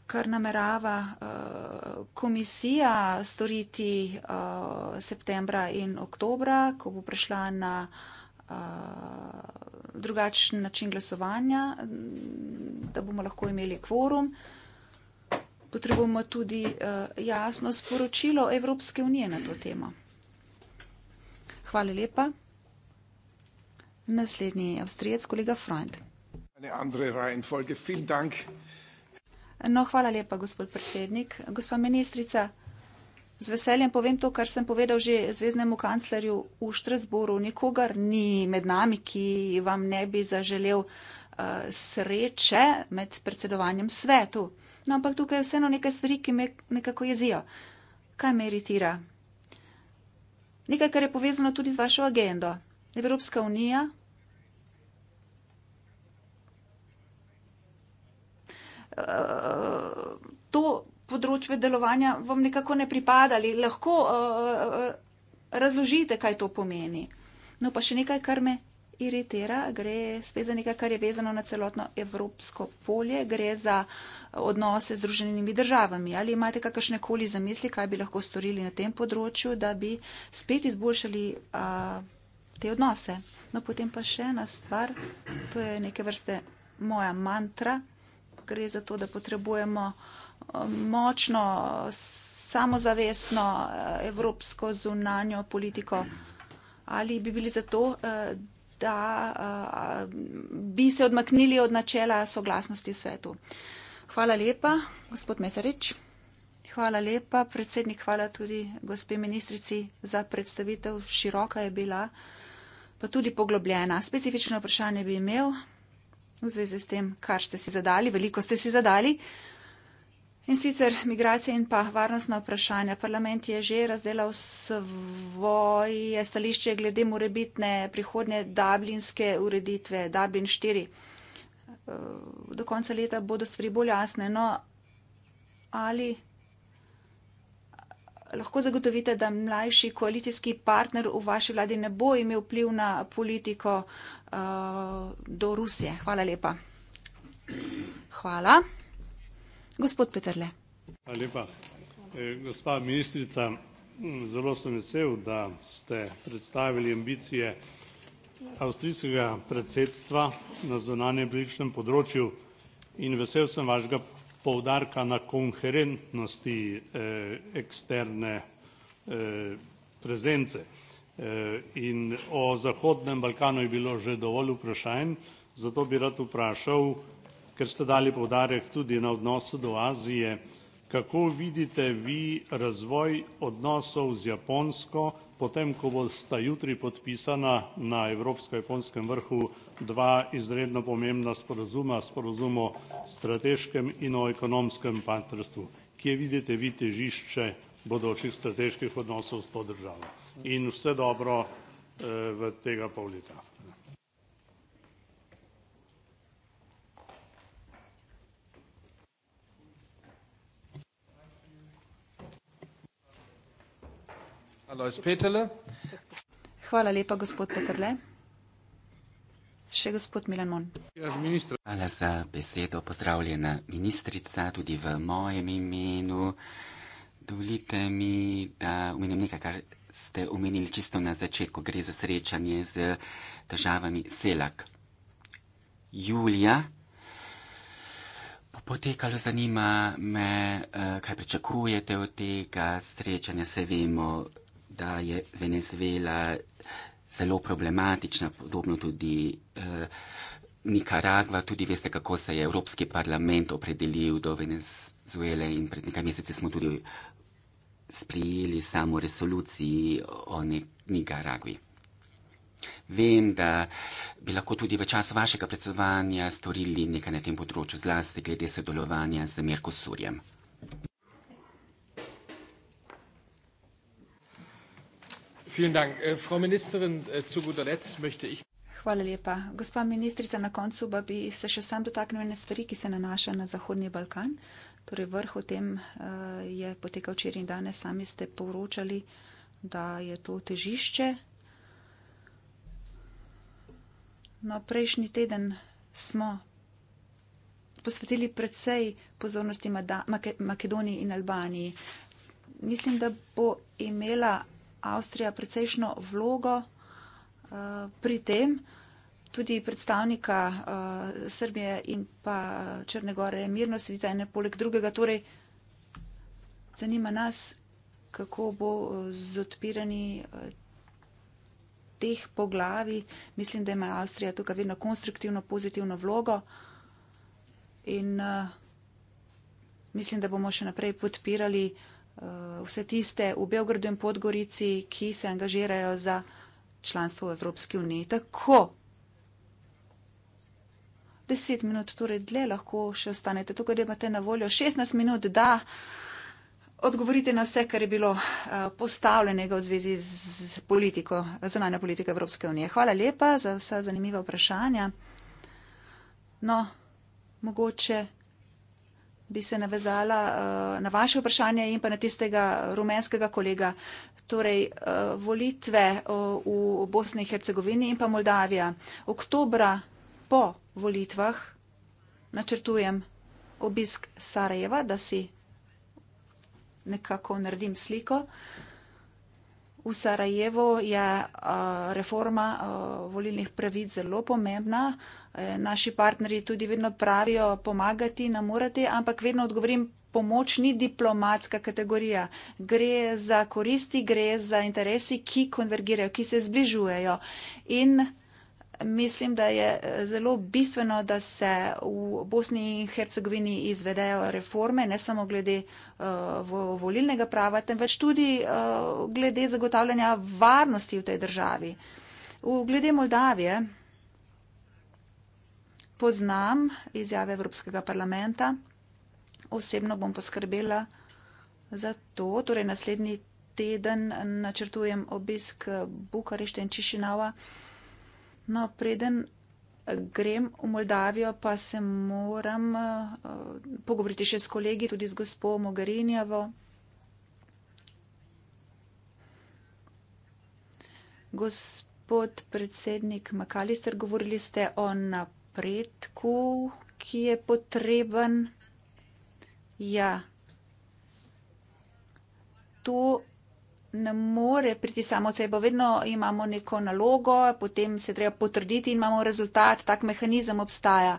kar namerava eh, komisija storiti eh, septembra in oktobra, ko bo prišla na drugačen način glasovanja, da bomo lahko imeli kvorum. Potrebujemo tudi uh, jasno sporočilo Evropske unije na to temo. Hvala lepa. Naslednji je avstrijec kolega Freund. No, hvala lepa, gospod predsednik. Gospa ministrica, z veseljem povem to, kar sem povedal že zveznemu kanclerju v Štrasboru. Nikogar ni med nami, ki vam ne bi zaželel uh, sreče med predsedovanjem svetu. No, ampak tukaj je vseeno nekaj stvari, ki me nekako jezijo. Kaj me iritira? Nekaj, kar je povezano tudi z vašo agendo. Evropska unija, to področje delovanja vam nekako ne pripada ali lahko eh, eh, razložite, kaj to pomeni. No pa še nekaj, kar me iritira, gre spet za nekaj, kar je vezano na celotno evropsko polje, gre za eh, odnose z druženimi državami. Ali imate kakršne koli zamisli, kaj bi lahko storili na tem področju, da bi spet izboljšali a, te odnose? No potem pa še ena stvar, to je neke vrste moja mantra gre za to, da potrebujemo eh, močno, samozavestno eh, evropsko zunanjo politiko. Ali bi bili za to, eh, da bi se odmaknili od načela soglasnosti v svetu? Hvala lepa, gospod Mesarič. Hvala lepa, predsednik. Hvala tudi gospe ministrici za predstavitev. Široka je bila, pa tudi poglobljena. Specifično vprašanje bi imel v zvezi s tem, kar ste si zadali, veliko ste si zadali. In sicer migracije in pa varnostna vprašanja. Parlament je že razdelal svoje stališče glede morebitne prihodnje dublinske ureditve, Dublin 4. Eh, do konca leta bodo stvari bolj jasne. No, ali lahko zagotovite, da mlajši koalicijski partner v vaši vladi ne bo imel vpliv na politiko uh, do Rusije? Hvala lepa. Hvala. Gospod Petrle. Hvala lepa. E, gospa ministrica, hm, zelo sem vesel, da ste predstavili ambicije avstrijskega predsedstva na zunanjem političnem področju in vesel sem vašega poudarka na konherentnosti eh, eksterne eh, prezence. Eh, in o Zahodnem Balkanu je bilo že dovolj vprašanj, zato bi rad vprašal, ker ste dali poudarek tudi na odnosu do Azije, kako vidite vi razvoj odnosov z Japonsko, potem ko bosta jutri podpisana na evropsko-japonskem vrhu dva izredno pomembna sporazuma, sporazum o strateškem in o ekonomskem partnerstvu. Kje vidite vi težišče bodočih strateških odnosov s to državo? In vse dobro eh, v tega pol leta. Alois Petele. Er? Hvala lepa, gospod Petrle. Še gospod Milan Mon. Ja, Hvala za besedo, pozdravljena ministrica tudi v mojem imenu. Dovolite mi, da omenim nekaj, kar ste omenili čisto na začetku, gre za srečanje z državami Selak. Julija bo potekalo, zanima me, eh, kaj pričakujete od tega srečanja, se vemo, da je Venezuela zelo problematična, podobno tudi eh, Nicaragva. Tudi veste, kako se je Evropski parlament opredelil do Venezuele in pred nekaj meseci smo tudi sprijeli samo resoluciji o Nicaragvi. Vem, da bi lahko tudi v času vašega predsedovanja storili nekaj na tem področju, zlasti glede sodelovanja z Mirko Surjem. Äh, äh, Hvala lepa. Gospa ministrica, na koncu pa bi se še sam dotaknil ene stvari, ki se nanaša na Zahodni Balkan. Torej, vrh o tem äh, je potekal včeraj in danes. Sami ste poročali, da je to težišče. No, prejšnji teden smo posvetili predvsej pozornosti Makedoniji in Albaniji. Mislim, da bo imela Avstrija precejšno vlogo eh, pri tem. Tudi predstavnika eh, Srbije in pa Črnegore mirno sedita ene poleg drugega. Torej, zanima nas, kako bo eh, z odpirani teh poglavi. Mislim, da ima Avstrija tukaj vedno konstruktivno, pozitivno vlogo in uh, mislim, da bomo še naprej podpirali uh, Eh, vse tiste v Belgradu in Podgorici, ki se angažirajo za članstvo v Evropski uniji. Tako. Deset minut, torej dlje lahko še ostanete, tako da imate na voljo 16 minut, da odgovorite na vse, kar je bilo eh, postavljenega v zvezi z politiko, zunanja politika Evropske unije. Hvala lepa za vsa zanimiva vprašanja. No, mogoče bi se navezala uh, na vaše vprašanje in pa na tistega rumenskega kolega. Torej, uh, volitve uh, v Bosni in Hercegovini in pa Moldavija. Oktobra po volitvah načrtujem obisk Sarajeva, da si nekako naredim sliko. Uh, V Sarajevu je reforma volilnih pravic zelo pomembna. E, naši partnerji tudi vedno pravijo pomagati, namurati, ampak vedno odgovorim, pomoč ni diplomatska kategorija. Gre za koristi, gre za interesi, ki konvergirajo, ki se zbližujejo. In mislim, da je eh, zelo bistveno, da se v Bosni in Hercegovini izvedejo reforme, ne samo glede uh, volilnega prava, temveč tudi uh, glede zagotavljanja varnosti v tej državi. V glede Moldavije poznam izjave Evropskega parlamenta. Osebno bom poskrbela za to. Torej, naslednji teden načrtujem obisk Bukarešte in Čišinava. Uh, No, preden grem v Moldavijo, pa se moram uh, pogovoriti še s kolegi, tudi z gospod Mogarinjevo. Gospod predsednik Makalister, govorili ste o napredku, ki je potreben. Ja, to ne more priti samo od sebe, vedno imamo neko nalogo, potem se treba potrditi in imamo rezultat, tak mehanizem obstaja.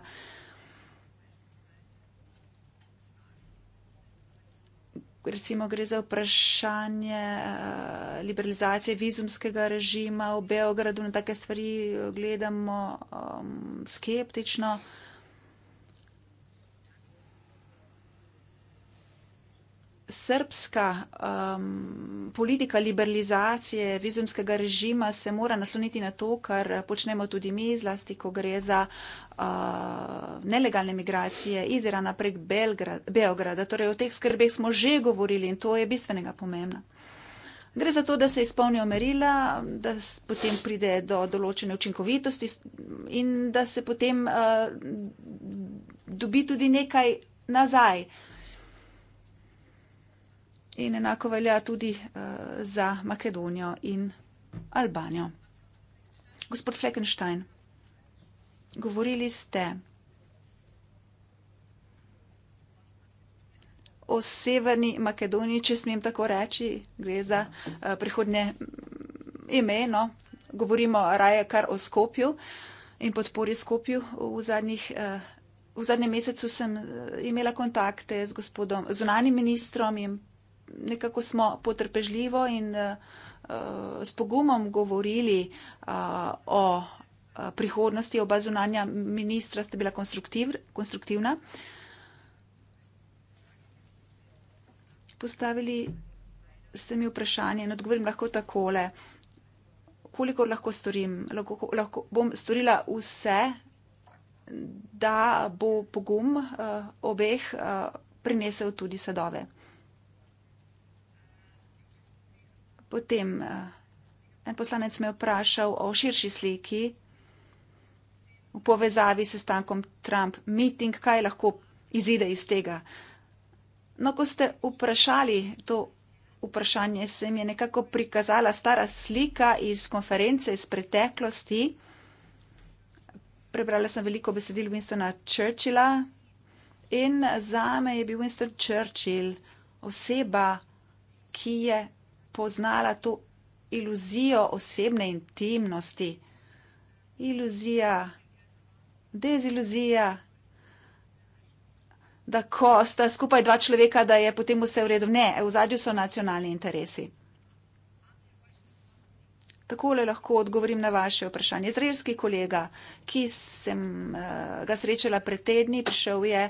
Recimo gre za vprašanje eh, liberalizacije vizumskega režima v Beogradu, na take stvari gledamo um, skeptično. srpska um, politika liberalizacije vizumskega režima se mora nasloniti na to, kar počnemo tudi mi, zlasti, ko gre za uh, nelegalne migracije iz Irana prek Belgrad, Beograda. Torej, o teh skrbeh smo že govorili in to je bistvenega pomembna. Gre za to, da se izpolnijo merila, da potem pride do določene učinkovitosti in da se potem uh, dobi tudi nekaj nazaj. Uh, In enako velja tudi uh, za Makedonijo in Albanijo. Gospod Fleckenstein, govorili ste o Severni Makedoniji, če smem tako reči, gre za uh, prihodnje mm, ime, no, govorimo raje kar o Skopju in podpori Skopju v zadnjih. Uh, V zadnjem mesecu sem imela kontakte z gospodom zunanim ministrom in nekako smo potrpežljivo in eh, eh, s pogumom govorili eh, o prihodnosti. Oba zunanja ministra sta bila konstruktiv, konstruktivna. Postavili ste mi vprašanje in odgovorim lahko takole. Kolikor lahko storim, lahko, lahko bom storila vse, da bo pogum uh, obeh uh, prinesel tudi sadove. Potem eh, en poslanec me je vprašal o širši sliki v povezavi s stankom Trump-meeting, kaj lahko izide iz tega. No, ko ste vprašali to vprašanje, se mi je nekako prikazala stara slika iz konference iz preteklosti. Prebrala sem veliko besedil Winstona Churchilla in za me je bil Winston Churchill oseba, ki je poznala to iluzijo osebne intimnosti. Iluzija, deziluzija, da ko sta skupaj dva človeka, da je potem vse v redu. Ne, v zadju so nacionalni interesi. Takole lahko odgovorim na vaše vprašanje. Izraelski kolega, ki sem eh, ga srečala pred tedni, prišel je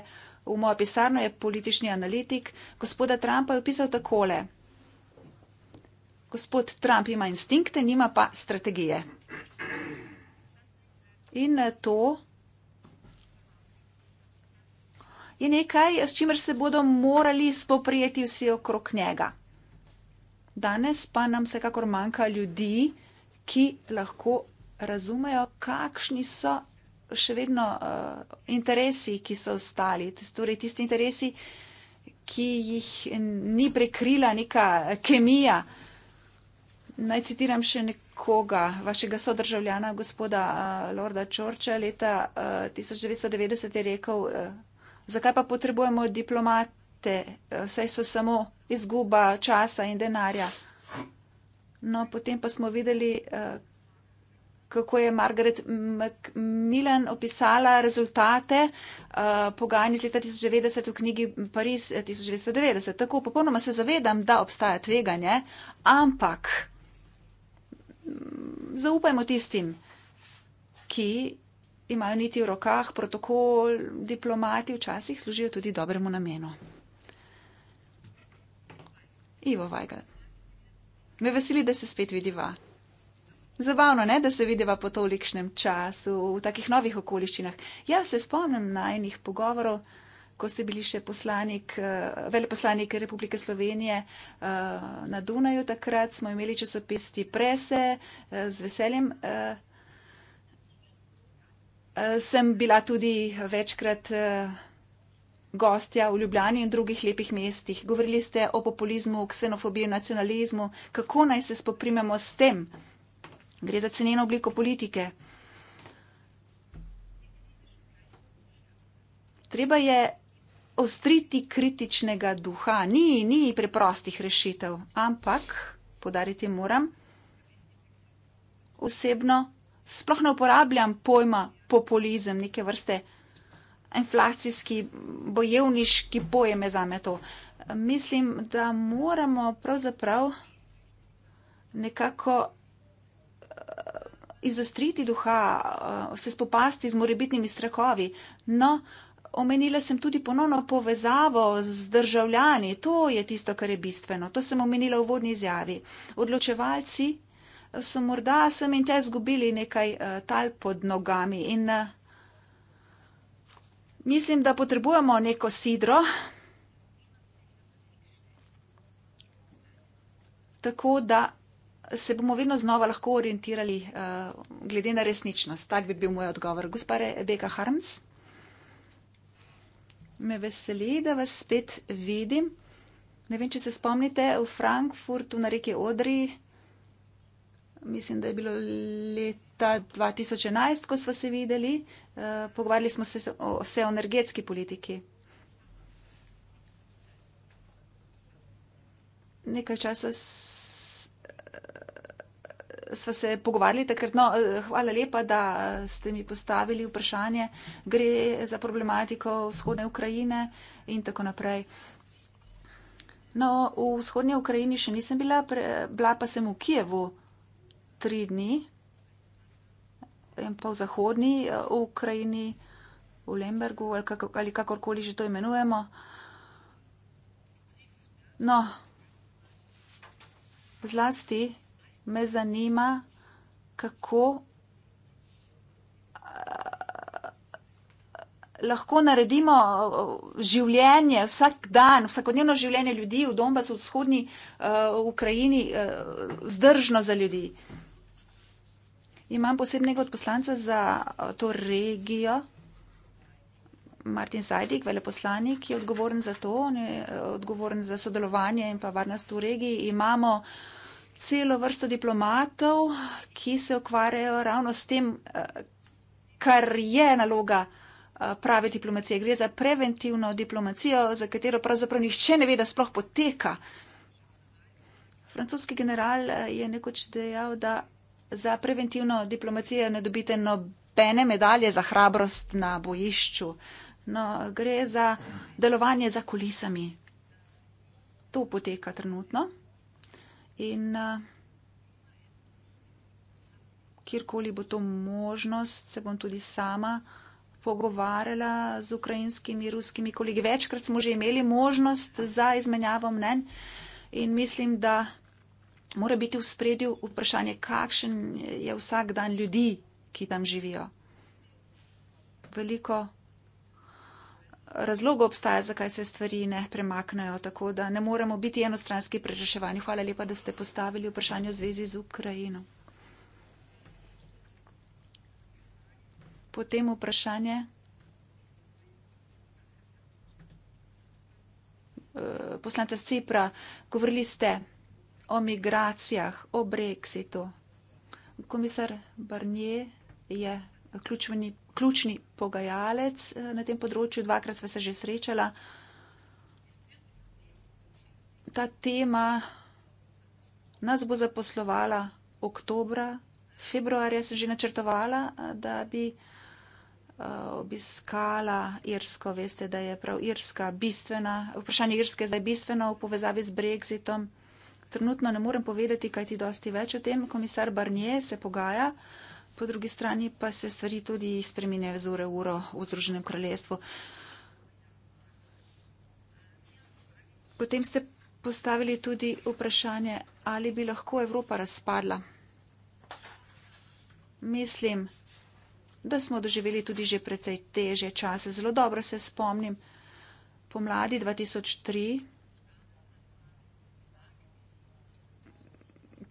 v mojo pisarno, je politični analitik. Gospoda Trumpa je opisal takole gospod Trump ima instinkte, nima pa strategije. In eh, to je nekaj, s čimer se bodo morali spoprijeti vsi okrog njega. Danes pa nam vsekakor manjka ljudi, ki lahko razumejo, kakšni so še vedno uh, interesi, ki so ostali. Torej, tisti interesi, ki jih eh, ni prekrila neka kemija. Naj citiram še nekoga, vašega sodržavljana, gospoda uh, Lorda Čorča, leta uh, 1990 je rekel, uh, zakaj pa potrebujemo diplomate, uh, saj so samo izguba časa in denarja. No, potem pa smo videli, uh, kako je Margaret Macmillan opisala rezultate uh, pogajanj iz leta 1990 v knjigi Paris 1990. Tako popolnoma se zavedam, da obstaja tveganje, ampak zaupajmo tistim, ki imajo niti v rokah protokol, diplomati včasih služijo tudi dobremu namenu. Ivo Vajgal, me veseli, da se spet vidiva. Zabavno, ne, da se vidiva po tolikšnem času, v takih novih okoliščinah. Jaz se spomnim najnih pogovorov ko ste bili še poslanik, eh, veleposlanik Republike Slovenije eh, na Dunaju, takrat smo imeli časopis Tiprese eh, z veseljem. Sem bila tudi večkrat gostja v Ljubljani in drugih lepih mestih. Govorili ste o populizmu, ksenofobiji, nacionalizmu. Kako naj se spoprimemo s tem? Gre za ceneno obliko politike. Treba je ostriti kritičnega duha. Ni, ni preprostih rešitev, ampak podariti moram. Osebno sploh ne uporabljam pojma populizem, neke vrste inflacijski, bojevniški pojme za me to. Mislim, da moramo pravzaprav nekako eh, izostriti duha, eh, se spopasti z morebitnimi strahovi. No, omenila sem tudi ponovno povezavo z državljani. To je tisto, kar je bistveno. To sem omenila v vodni izjavi. Odločevalci eh, so morda sem in te zgubili nekaj eh, tal pod nogami. In eh, mislim, da potrebujemo neko sidro. Tako da se bomo vedno znova lahko orientirali uh, glede na resničnost. Tak bi bil moj odgovor. Gospa Rebeka Harms me veseli, da vas spet vidim. Ne vem, če se spomnite, v Frankfurtu na reki Odri, mislim, da je bilo leta 2011, ko smo se videli, eh, pogovarjali smo se o, vse o energetski politiki. Nekaj časa sva se pogovarjali takrat. No, eh, hvala lepa, da ste mi postavili vprašanje. Gre za problematiko vzhodne Ukrajine in tako naprej. No, v vzhodnji Ukrajini še nisem bila, bila pa sem v Kijevu tri dni in pa eh, v zahodnji Ukrajini, v Lembergu ali, kako, ali kakorkoli že to imenujemo. No, zlasti me zanima, kako eh, lahko naredimo eh, življenje, vsak dan, vsakodnevno življenje ljudi v Donbasu, v vzhodnji eh, Ukrajini, zdržno za ljudi. Imam posebnega odposlanca za to regijo. Martin Zajdik, veleposlanik, je odgovoren za to, je odgovoren za sodelovanje in pa varnost v regiji. Imamo uh, celo vrsto diplomatov, ki se ukvarjajo ravno s tem, eh, kar je naloga eh, prave diplomacije. Gre za preventivno diplomacijo, za katero pravzaprav nihče ne ve, da sploh poteka. Francoski general eh, je nekoč dejal, da za preventivno diplomacijo ne dobite nobene medalje za hrabrost na bojišču. No, gre za delovanje za kulisami. To poteka trenutno. In uh, kjerkoli bo to možnost, se bom tudi sama pogovarjala z ukrajinskimi, ruskimi kolegi. Večkrat smo že imeli možnost za izmenjavo mnen in mislim, da mora biti v spredju vprašanje, kakšen je vsak dan ljudi, ki tam živijo. Veliko razlogov obstaja, zakaj se stvari ne premaknejo, tako da ne moremo biti enostranski pri reševanju. Hvala lepa, da ste postavili vprašanje v zvezi z Ukrajino. Potem vprašanje. Eh, poslanca z Cipra, govorili ste o migracijah, o brexitu. Komisar Barnier je ključni ključni pogajalec eh, na tem področju, dvakrat sva se že srečala. Ta tema nas bo zaposlovala oktobra, februarja sem že načrtovala, eh, da bi eh, obiskala Irsko. Veste, da je prav Irska bistvena, vprašanje Irske zdaj bistveno v povezavi z Brexitom. Trenutno ne morem povedati, kaj ti dosti več o tem. Komisar Barnier se pogaja po drugi strani pa se stvari tudi spremenjajo z ure v uro v Združenem kraljestvu. Potem ste postavili tudi vprašanje, ali bi lahko Evropa razpadla. Mislim, da smo doživeli tudi že precej teže čase. Zelo dobro se spomnim pomladi 2003.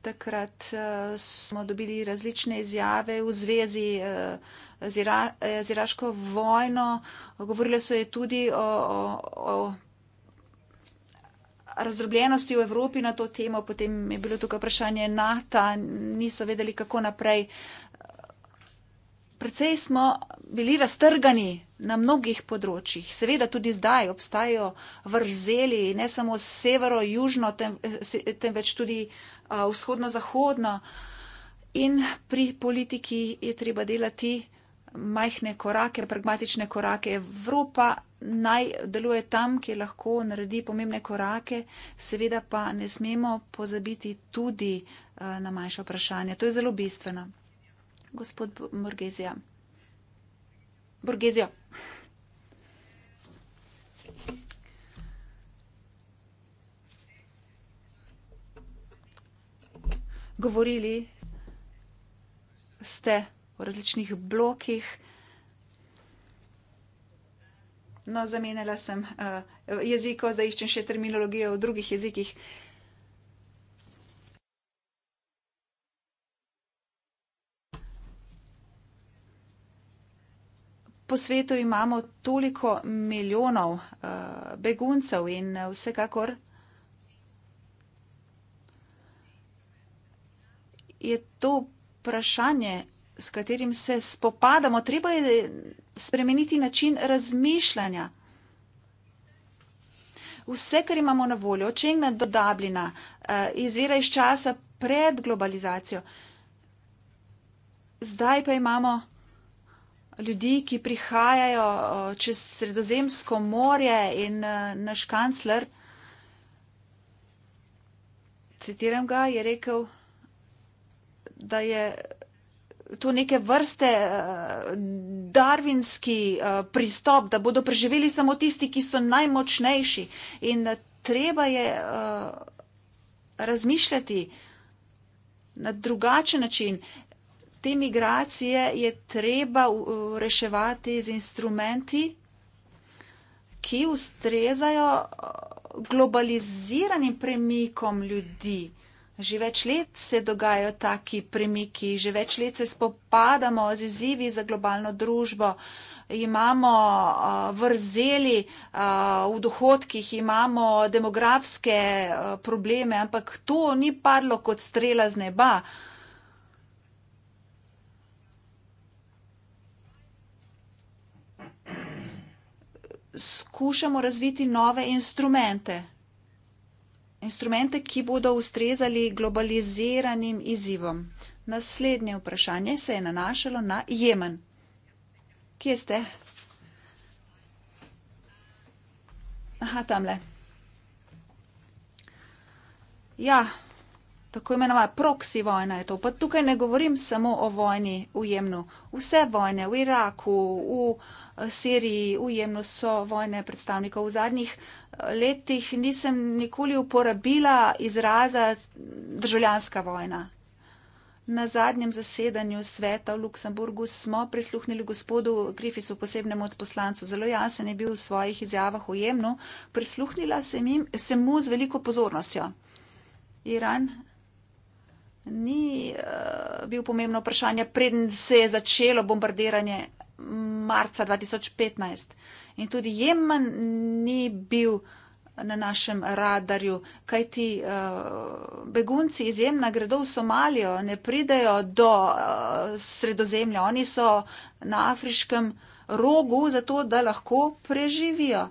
takrat eh, smo dobili različne izjave v zvezi eh, z, Ira, eh, z Iraško vojno. Govorilo se je tudi o, o, o razdrobljenosti v Evropi na to temo, potem je bilo tukaj vprašanje NATO, niso vedeli, kako naprej precej smo bili raztrgani na mnogih področjih. Seveda tudi zdaj obstajajo vrzeli, ne samo severo, južno, tem, temveč tudi uh, vzhodno-zahodno. In pri politiki je treba delati majhne korake, pragmatične korake. Evropa naj deluje tam, kjer lahko naredi pomembne korake, seveda pa ne smemo pozabiti tudi uh, na manjše vprašanje. To je zelo bistveno gospod Borgezija. Borgezija. Govorili ste o različnih blokih. No, zamenjala sem uh, eh, jezik, zdaj iščem še terminologijo v drugih jezikih. Uh, po svetu imamo toliko milijonov uh, beguncev in eh, vsekakor je to vprašanje, s katerim se spopadamo. Treba je spremeniti način razmišljanja. Vse, kar imamo na voljo, od Čengna do Dublina, eh, izvira iz časa pred globalizacijo. Zdaj pa imamo ljudi, ki prihajajo čez Sredozemsko morje in e, naš kancler, citiram ga, je rekel, da je to neke vrste e, darvinski e, pristop, da bodo preživeli samo tisti, ki so najmočnejši. In treba je razmišljati na drugačen način te migracije je treba reševati z instrumenti, ki ustrezajo uh, globaliziranim premikom ljudi. Že več let se dogajajo taki premiki, že več let se spopadamo z izzivi za globalno družbo. Imamo uh, vrzeli uh, v dohodkih, imamo demografske probleme, ampak to ni padlo kot strela z neba. skušamo razviti nove instrumente. Instrumente, ki bodo ustrezali globaliziranim izzivom. Naslednje vprašanje se je nanašalo na Jemen. Kje ste? Aha, tamle. Ja, tako imenovana proksi vojna je to. Pa tukaj ne govorim samo o vojni v Jemnu. Vse vojne v Iraku, v. Siriji, v Jemnu so vojne predstavnikov. V zadnjih eh, letih nisem nikoli uporabila izraza državljanska vojna. Na zadnjem zasedanju sveta v Luksemburgu smo prisluhnili gospodu Griffisu, posebnemu odposlancu. Zelo jasen je bil v svojih izjavah v Jemnu. Prisluhnila sem, jim, sem mu z veliko pozornostjo. Iran ni uh, bil pomembno vprašanje, preden se je začelo bombardiranje marca 2015. In tudi Jemen ni bil na našem radarju, kaj ti uh, eh, begunci iz Jemna gredo v Somalijo, ne pridejo do uh, sredozemlja. Oni so na afriškem rogu, zato da lahko preživijo.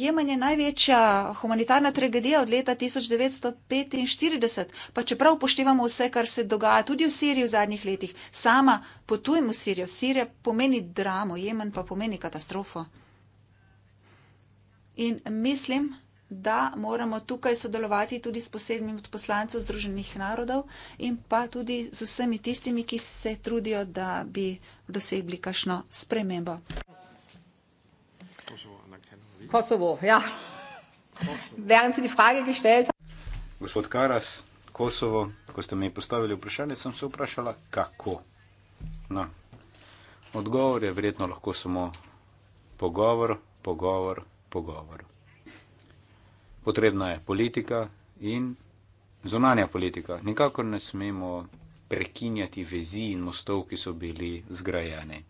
Jemen je največja humanitarna tragedija od leta 1945, pa čeprav upoštevamo vse, kar se dogaja tudi v Siriji v zadnjih letih. Sama potujem v Sirijo. Sirija pomeni dramo, Jemen pa pomeni katastrofo. In mislim, da moramo tukaj sodelovati tudi s posebnim odposlancem Združenih narodov in pa tudi z vsemi tistimi, ki se trudijo, da bi dosegli kašno spremembo. Kosovo, ja. Kosovo. Während Sie die Frage gestellt haben. Gospod Karas, Kosovo, ko ste mi postavili vprašanje, sem se vprašala, kako. No. Odgovor je verjetno lahko samo pogovor, pogovor, pogovor. Potrebna je politika in zunanja politika. Nikakor ne smemo prekinjati vezi in mostov, ki so bili zgrajeni.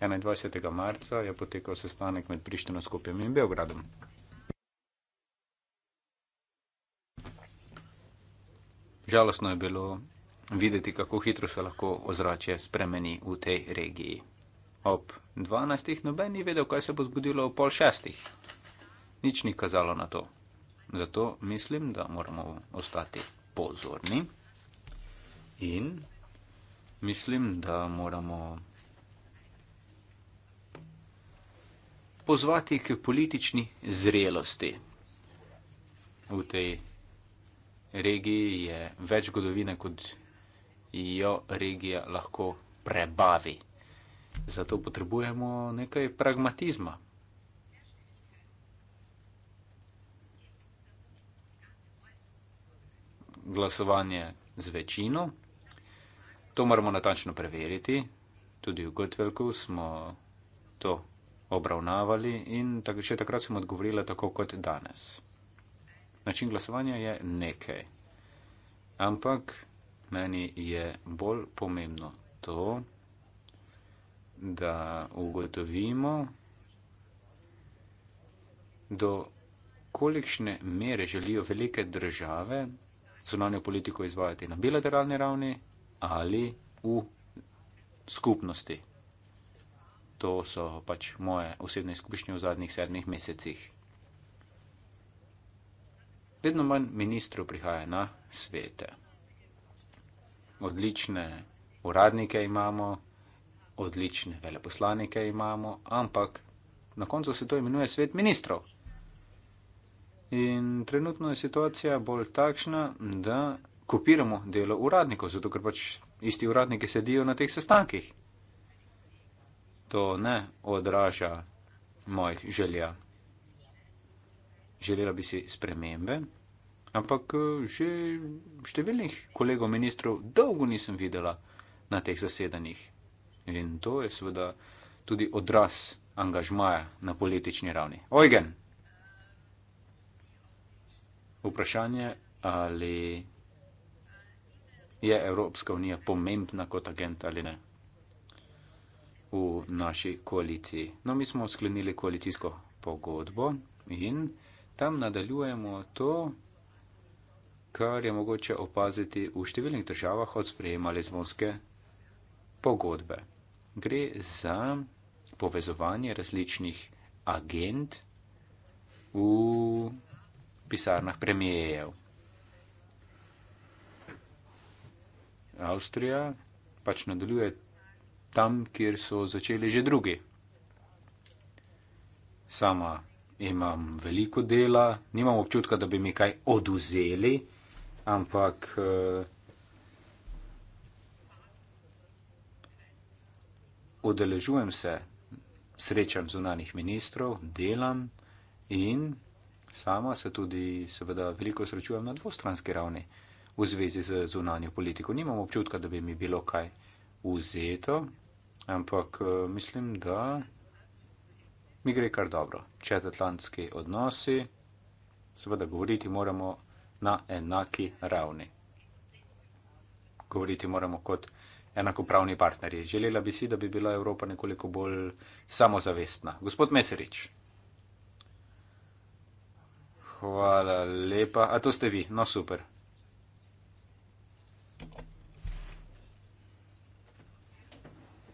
21. marca je potekal sestanek med Prištino skupjem in Beogradom. Žalostno je bilo videti, kako hitro se lahko ozračje spremeni v tej regiji. Ob 12. noben ni vedel, kaj se bo zgodilo ob pol šestih. Nič ni kazalo na to. Zato mislim, da moramo ostati pozorni in mislim, da moramo pozvati k politični zrelosti. V tej regiji je več zgodovine, kot jo regija lahko prebavi. Zato potrebujemo nekaj pragmatizma. Glasovanje z večino, to moramo natančno preveriti. Tudi v Gotveljku smo to obravnavali in tak, še takrat sem odgovorila tako kot danes. Način glasovanja je nekaj, ampak meni je bolj pomembno to, da ugotovimo, do kolikšne mere želijo velike države zunanjo politiko izvajati na bilateralni ravni ali v skupnosti to so pač moje osebne izkušnje v zadnjih sedmih mesecih. Vedno manj ministrov prihaja na svete. Odlične uradnike imamo, odlične veleposlanike imamo, ampak na koncu se to imenuje svet ministrov. In trenutno je situacija bolj takšna, da kopiramo delo uradnikov, zato ker pač isti uradniki sedijo na teh sestankih to ne odraža mojih želja. Želela bi si spremembe, ampak eh, že številnih kolegov ministrov dolgo nisem videla na teh zasedanjih. In to je seveda tudi odraz angažmaja na politični ravni. Ojgen! Vprašanje, ali je Evropska unija pomembna kot agent ali ne v naši koaliciji. No, mi smo sklenili koalicijsko pogodbo in tam nadaljujemo to, kar je mogoče opaziti v številnih državah od sprejema lezbonske pogodbe. Gre za povezovanje različnih agent v pisarnah premijejev. Avstrija pač nadaljuje tam, kjer so začeli že drugi. Sama imam veliko dela, nimam občutka, da bi mi kaj oduzeli, ampak eh, odeležujem se, srečam zunanih ministrov, delam in sama se tudi seveda veliko srečujem na dvostranski ravni v zvezi z zunanjo politiko. Nimam občutka, da bi mi bilo kaj vzeto, Ampak eh, mislim, da mi gre kar dobro. Čez atlantski odnosi, seveda govoriti moramo na enaki ravni. Govoriti moramo kot enakopravni partnerji. Želela bi si, da bi bila Evropa nekoliko bolj samozavestna. Gospod Meserič. Hvala lepa. A to ste vi? No super.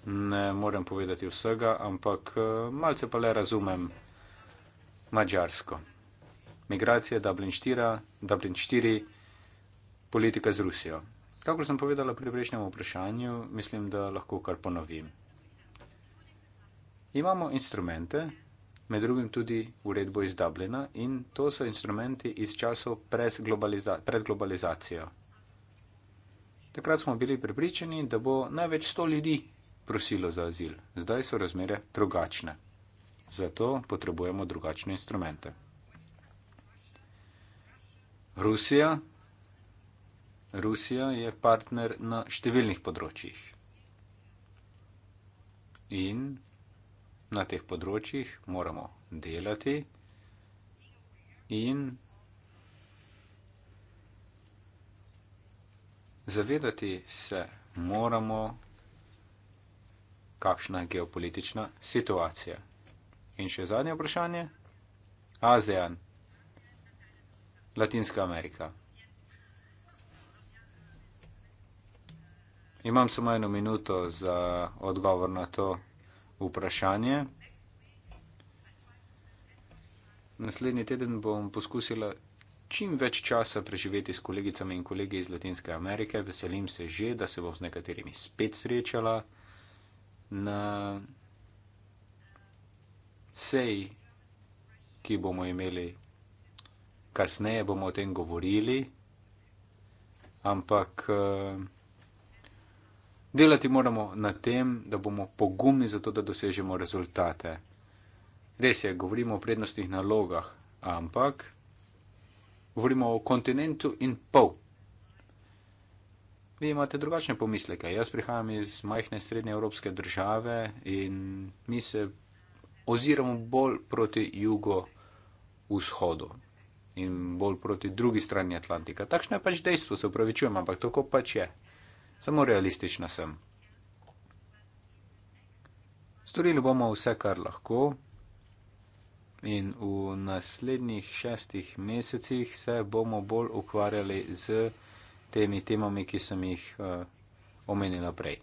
ne morem povedati vsega, ampak eh, malce pa le razumem mađarsko. Migracije, Dublin 4, Dublin 4, politika z Rusijo. Kakor sem povedala pri prejšnjem vprašanju, mislim, da lahko kar ponovim. Imamo instrumente, med drugim tudi uredbo iz Dublina in to so instrumenti iz časov pred globalizacijo. Takrat smo bili pripričani, da bo največ 100 ljudi prosilo za azil. Zdaj so razmere drugačne. Zato potrebujemo drugačne instrumente. Rusija. Rusija je partner na številnih področjih. In na teh področjih moramo delati in zavedati se moramo, kakšna geopolitična situacija. In še zadnje vprašanje. ASEAN, Latinska Amerika. Imam samo eno minuto za odgovor na to vprašanje. Naslednji teden bom poskusila čim več časa preživeti s kolegicami in kolegi iz Latinske Amerike. Veselim se že, da se bom z nekaterimi spet srečala na seji, ki bomo imeli. Kasneje bomo o tem govorili, ampak eh, delati moramo na tem, da bomo pogumni za to, da dosežemo rezultate. Res je, govorimo o prednostnih nalogah, ampak govorimo o kontinentu in pol vi imate drugačne pomisleke. Jaz prihajam iz majhne srednje evropske države in mi se oziramo bolj proti jugo-vzhodu in bolj proti drugi strani Atlantika. Takšno je pač dejstvo, se upravičujem, ampak tako pač je. Samo realistična sem. Storili bomo vse, kar lahko. In v naslednjih šestih mesecih se bomo bolj ukvarjali z temi temami, ki sem jih uh, omenila prej.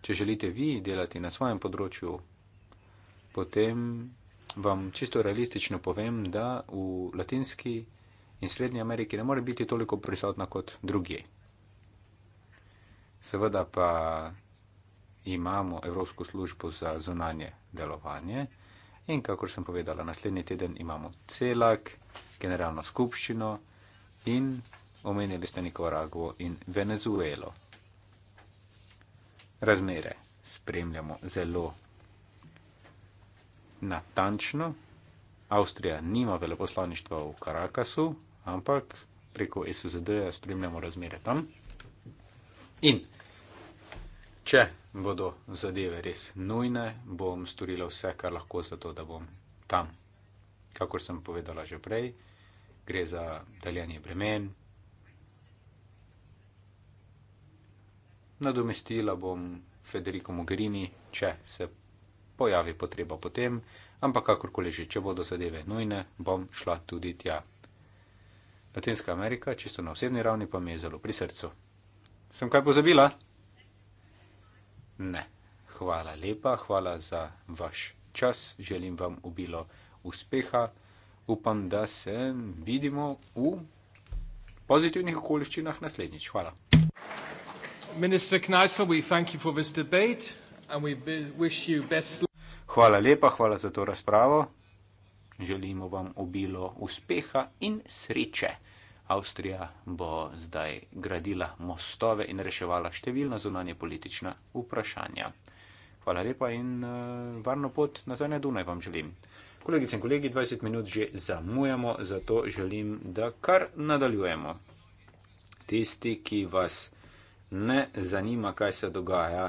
Če želite vi delati na svojem področju, potem vam čisto realistično povem, da v Latinski in Srednji Ameriki ne more biti toliko prisotna kot druge. Seveda pa imamo Evropsko službo za zunanje delovanje in, kakor sem povedala, naslednji teden imamo celak, generalno skupščino in omenili ste Nicaraguo in Venezuelo. Razmere spremljamo zelo natančno. Avstrija nima veleposlaništva v Karakasu, ampak preko SZD-ja spremljamo razmere tam. In če bodo zadeve res nujne, bom storila vse, kar lahko, zato da bom tam. Kakor sem povedala že prej, gre za deljenje bremen, nadomestila bom Federico Mogherini, če se pojavi potreba potem, ampak kakorkoli že, če bodo zadeve nujne, bom šla tudi tja. Latinska Amerika, čisto na osebni ravni, pa mi je zelo pri srcu. Sem kaj pozabila? Ne. Hvala lepa, hvala za vaš čas, želim vam obilo uspeha. Upam, da se vidimo v pozitivnih okoliščinah naslednjič. Hvala. Minister Kneisel, we thank you for this debate and we wish you best luck. Hvala lepa, hvala za to razpravo. Želimo vam obilo uspeha in sreče. Avstrija bo zdaj gradila mostove in reševala številna zunanje politična vprašanja. Hvala lepa in eh, varno pot nazaj na Dunaj vam želim. Kolegice in kolegi, 20 minut že zamujamo, zato želim, da kar nadaljujemo. Tisti, ki vas ne zanima, kaj se dogaja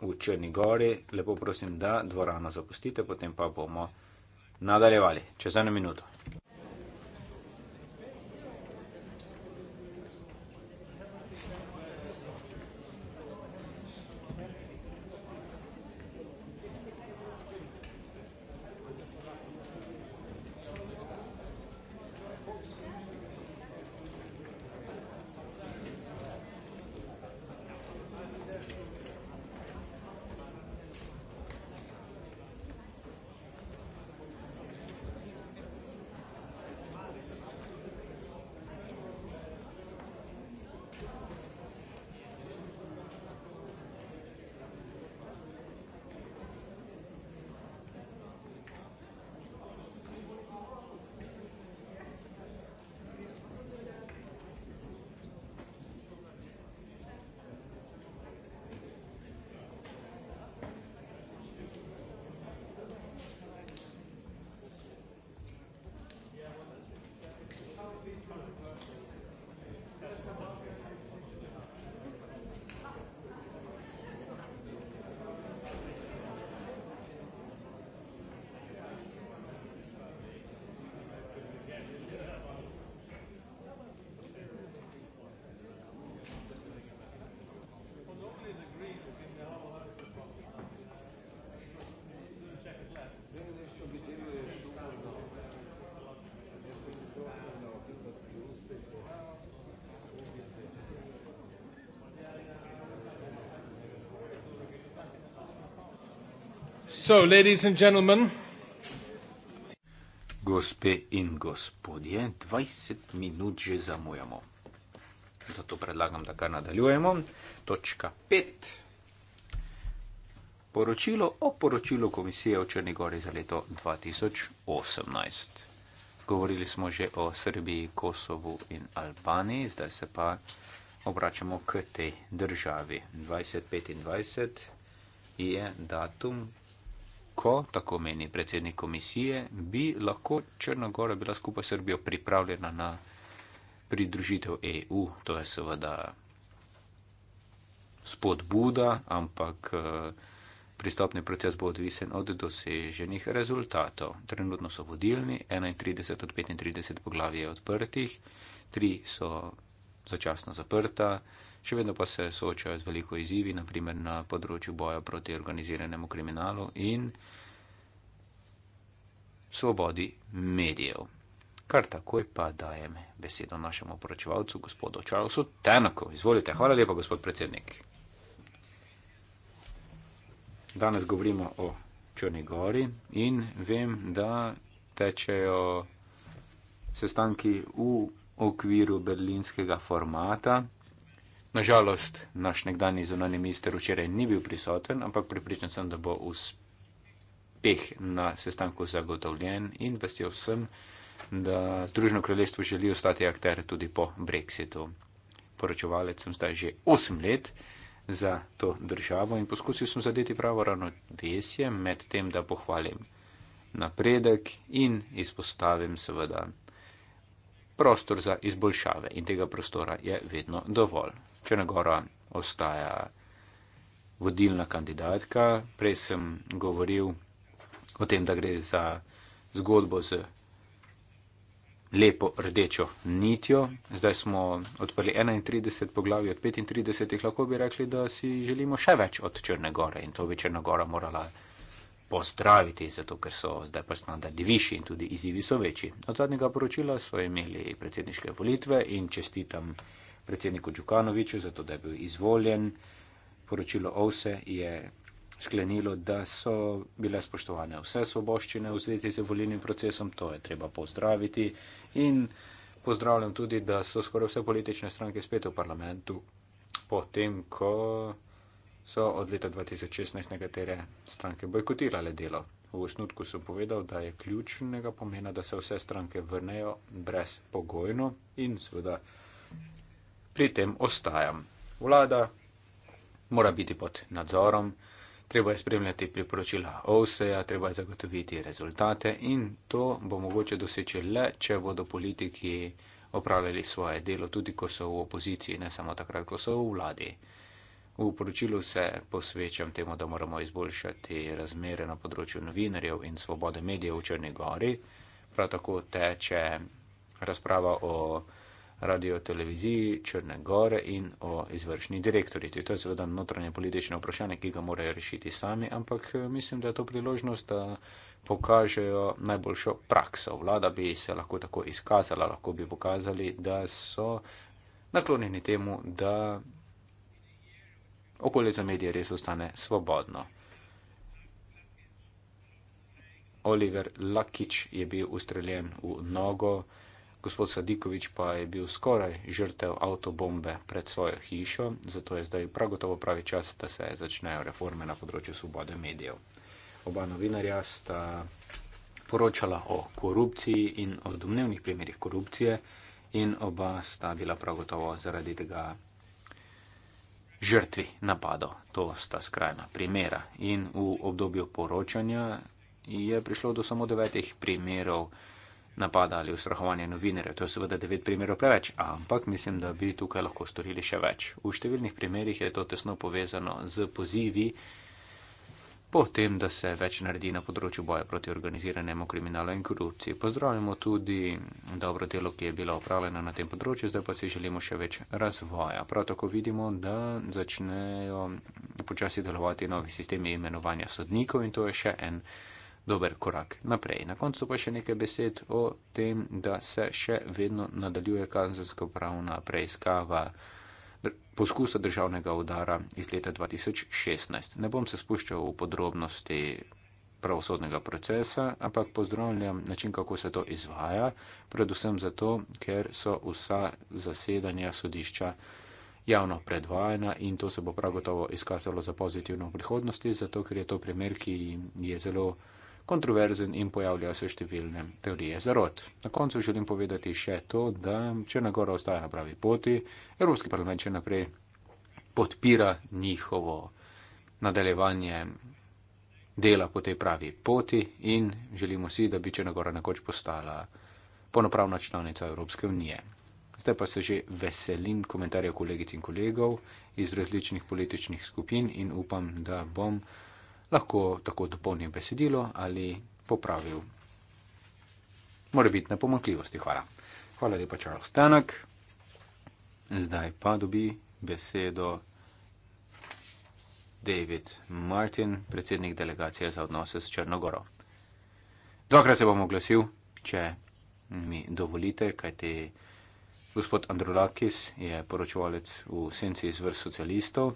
v Črni gori, lepo prosim, da dvorano zapustite, potem pa bomo nadaljevali. Čez eno minuto. So, ladies and gentlemen. Gospe in gospodje, 20 minut že zamujamo. Zato predlagam, da kar nadaljujemo. Točka 5. Poročilo o poročilu Komisije o Črnegori za leto 2018. Govorili smo že o Srbiji, Kosovu in Albaniji, zdaj se pa obračamo k tej državi. 2025 je datum, ko, tako meni predsednik komisije, bi lahko Črnagora bila skupaj s Srbijo pripravljena na pridružitev EU. To je seveda spodbuda, ampak eh, pristopni proces bo odvisen od doseženih rezultatov. Trenutno so vodilni, 31 od 35 poglavij je odprtih, 3 so začasno zaprta še vedno pa se soočajo z veliko izzivi, naprimer na področju boja proti organiziranemu kriminalu in svobodi medijev. Kar takoj pa dajem besedo našemu poročevalcu, gospodu Charlesu Tenaku. Izvolite, hvala lepa, gospod predsednik. Danes govorimo o Črni gori in vem, da tečejo sestanki v okviru berlinskega formata. Nažalost, naš nekdani zunani minister včeraj ni bil prisoten, ampak pripričan sem, da bo uspeh na sestanku zagotovljen in vestil sem, da Združeno kraljestvo želi ostati akter tudi po brexitu. Poročevalec sem zdaj že 8 let za to državo in poskusil sem zadeti pravo ravnovesje med tem, da pohvalim napredek in izpostavim seveda prostor za izboljšave in tega prostora je vedno dovolj. Črnagora ostaja vodilna kandidatka. Prej sem govoril o tem, da gre za zgodbo z lepo rdečo nitjo. Zdaj smo odprli 31 poglavij od 35. Lahko bi rekli, da si želimo še več od Črnagore in to bi Črnagora morala. Pozdraviti, zato ker so zdaj pa standardi višji in tudi izzivi so večji. Od zadnjega poročila so imeli predsedniške volitve in čestitam predsedniku Djukanoviču, zato da je bil izvoljen. Poročilo OVSE je sklenilo, da so bile spoštovane vse svoboščine v zvezi z volilnim procesom, to je treba pozdraviti. In pozdravljam tudi, da so skoraj vse politične stranke spet v parlamentu, potem ko so od leta 2016 nekatere stranke bojkotirale delo. V osnutku sem povedal, da je ključnega pomena, da se vse stranke vrnejo brezpogojno in seveda pri tem ostajam. Vlada mora biti pod nadzorom, treba je spremljati priporočila OVSE-ja, treba je zagotoviti rezultate in to bo mogoče doseči le, če bodo politiki opravljali svoje delo, tudi ko so v opoziciji, ne samo takrat, ko so v vladi. V poročilu se posvečam temu, da moramo izboljšati razmere na področju novinarjev in svobode medijev v Črni Gori. Prav tako teče razprava o radio televiziji Črne Gore in o izvršni direktoriti. To je seveda notranje politično vprašanje, ki ga morajo rešiti sami, ampak eh, mislim, da je to priložnost, da pokažejo najboljšo prakso. Vlada bi se lahko tako izkazala, lahko bi pokazali, da so naklonjeni temu, da okolje za medije res ostane svobodno. Oliver Lakič je bil ustreljen v nogo. Gospod Sadikovič pa je bil skoraj žrtev avtobombe pred svojo hišo, zato je zdaj prav gotovo pravi čas, da se začnejo reforme na področju svobode medijev. Oba novinarja sta poročala o korupciji in o domnevnih primerih korupcije in oba sta bila prav gotovo zaradi tega žrtvi napadov. To sta skrajna primera. In v obdobju poročanja je prišlo do samo devetih primerov, napada ali ustrahovanja novinarjev. To je seveda devet primerov preveč, ampak mislim, da bi tukaj lahko storili še več. V številnih primerjih je to tesno povezano z pozivi po tem, da se več naredi na področju boja proti organiziranemu kriminalu in korupciji. Pozdravljamo tudi dobro delo, ki je bilo opravljeno na tem področju, zdaj pa si želimo še več razvoja. Prav tako vidimo, da začnejo počasi delovati novi sistemi imenovanja sodnikov in to je še en dober korak naprej. Na koncu pa še nekaj besed o tem, da se še vedno nadaljuje kazensko pravna preiskava poskusa državnega udara iz leta 2016. Ne bom se spuščal v podrobnosti pravosodnega procesa, ampak pozdravljam način, kako se to izvaja, predvsem zato, ker so vsa zasedanja sodišča javno predvajana in to se bo prav gotovo izkazalo za pozitivno v prihodnosti, zato ker je to primer, ki je zelo kontroverzen in pojavljajo se številne teorije zarot. Na koncu želim povedati še to, da Črnagora ostaja na pravi poti, Evropski parlament še naprej podpira njihovo nadaljevanje dela po tej pravi poti in želimo si, da bi Črnagora nekoč postala ponopravna članica Evropske unije. Zdaj pa se že veselim komentarjev kolegic in kolegov iz različnih političnih skupin in upam, da bom lahko tako dopolnil besedilo ali popravil morebitne pomankljivosti. Hvala. Hvala lepa, Charles Tanak. Zdaj pa dobi besedo David Martin, predsednik delegacije za odnose s Črnogoro. Dvakrat se bom oglasil, če mi dovolite, kajti gospod Andrulakis je poročovalec v senci iz vrst socialistov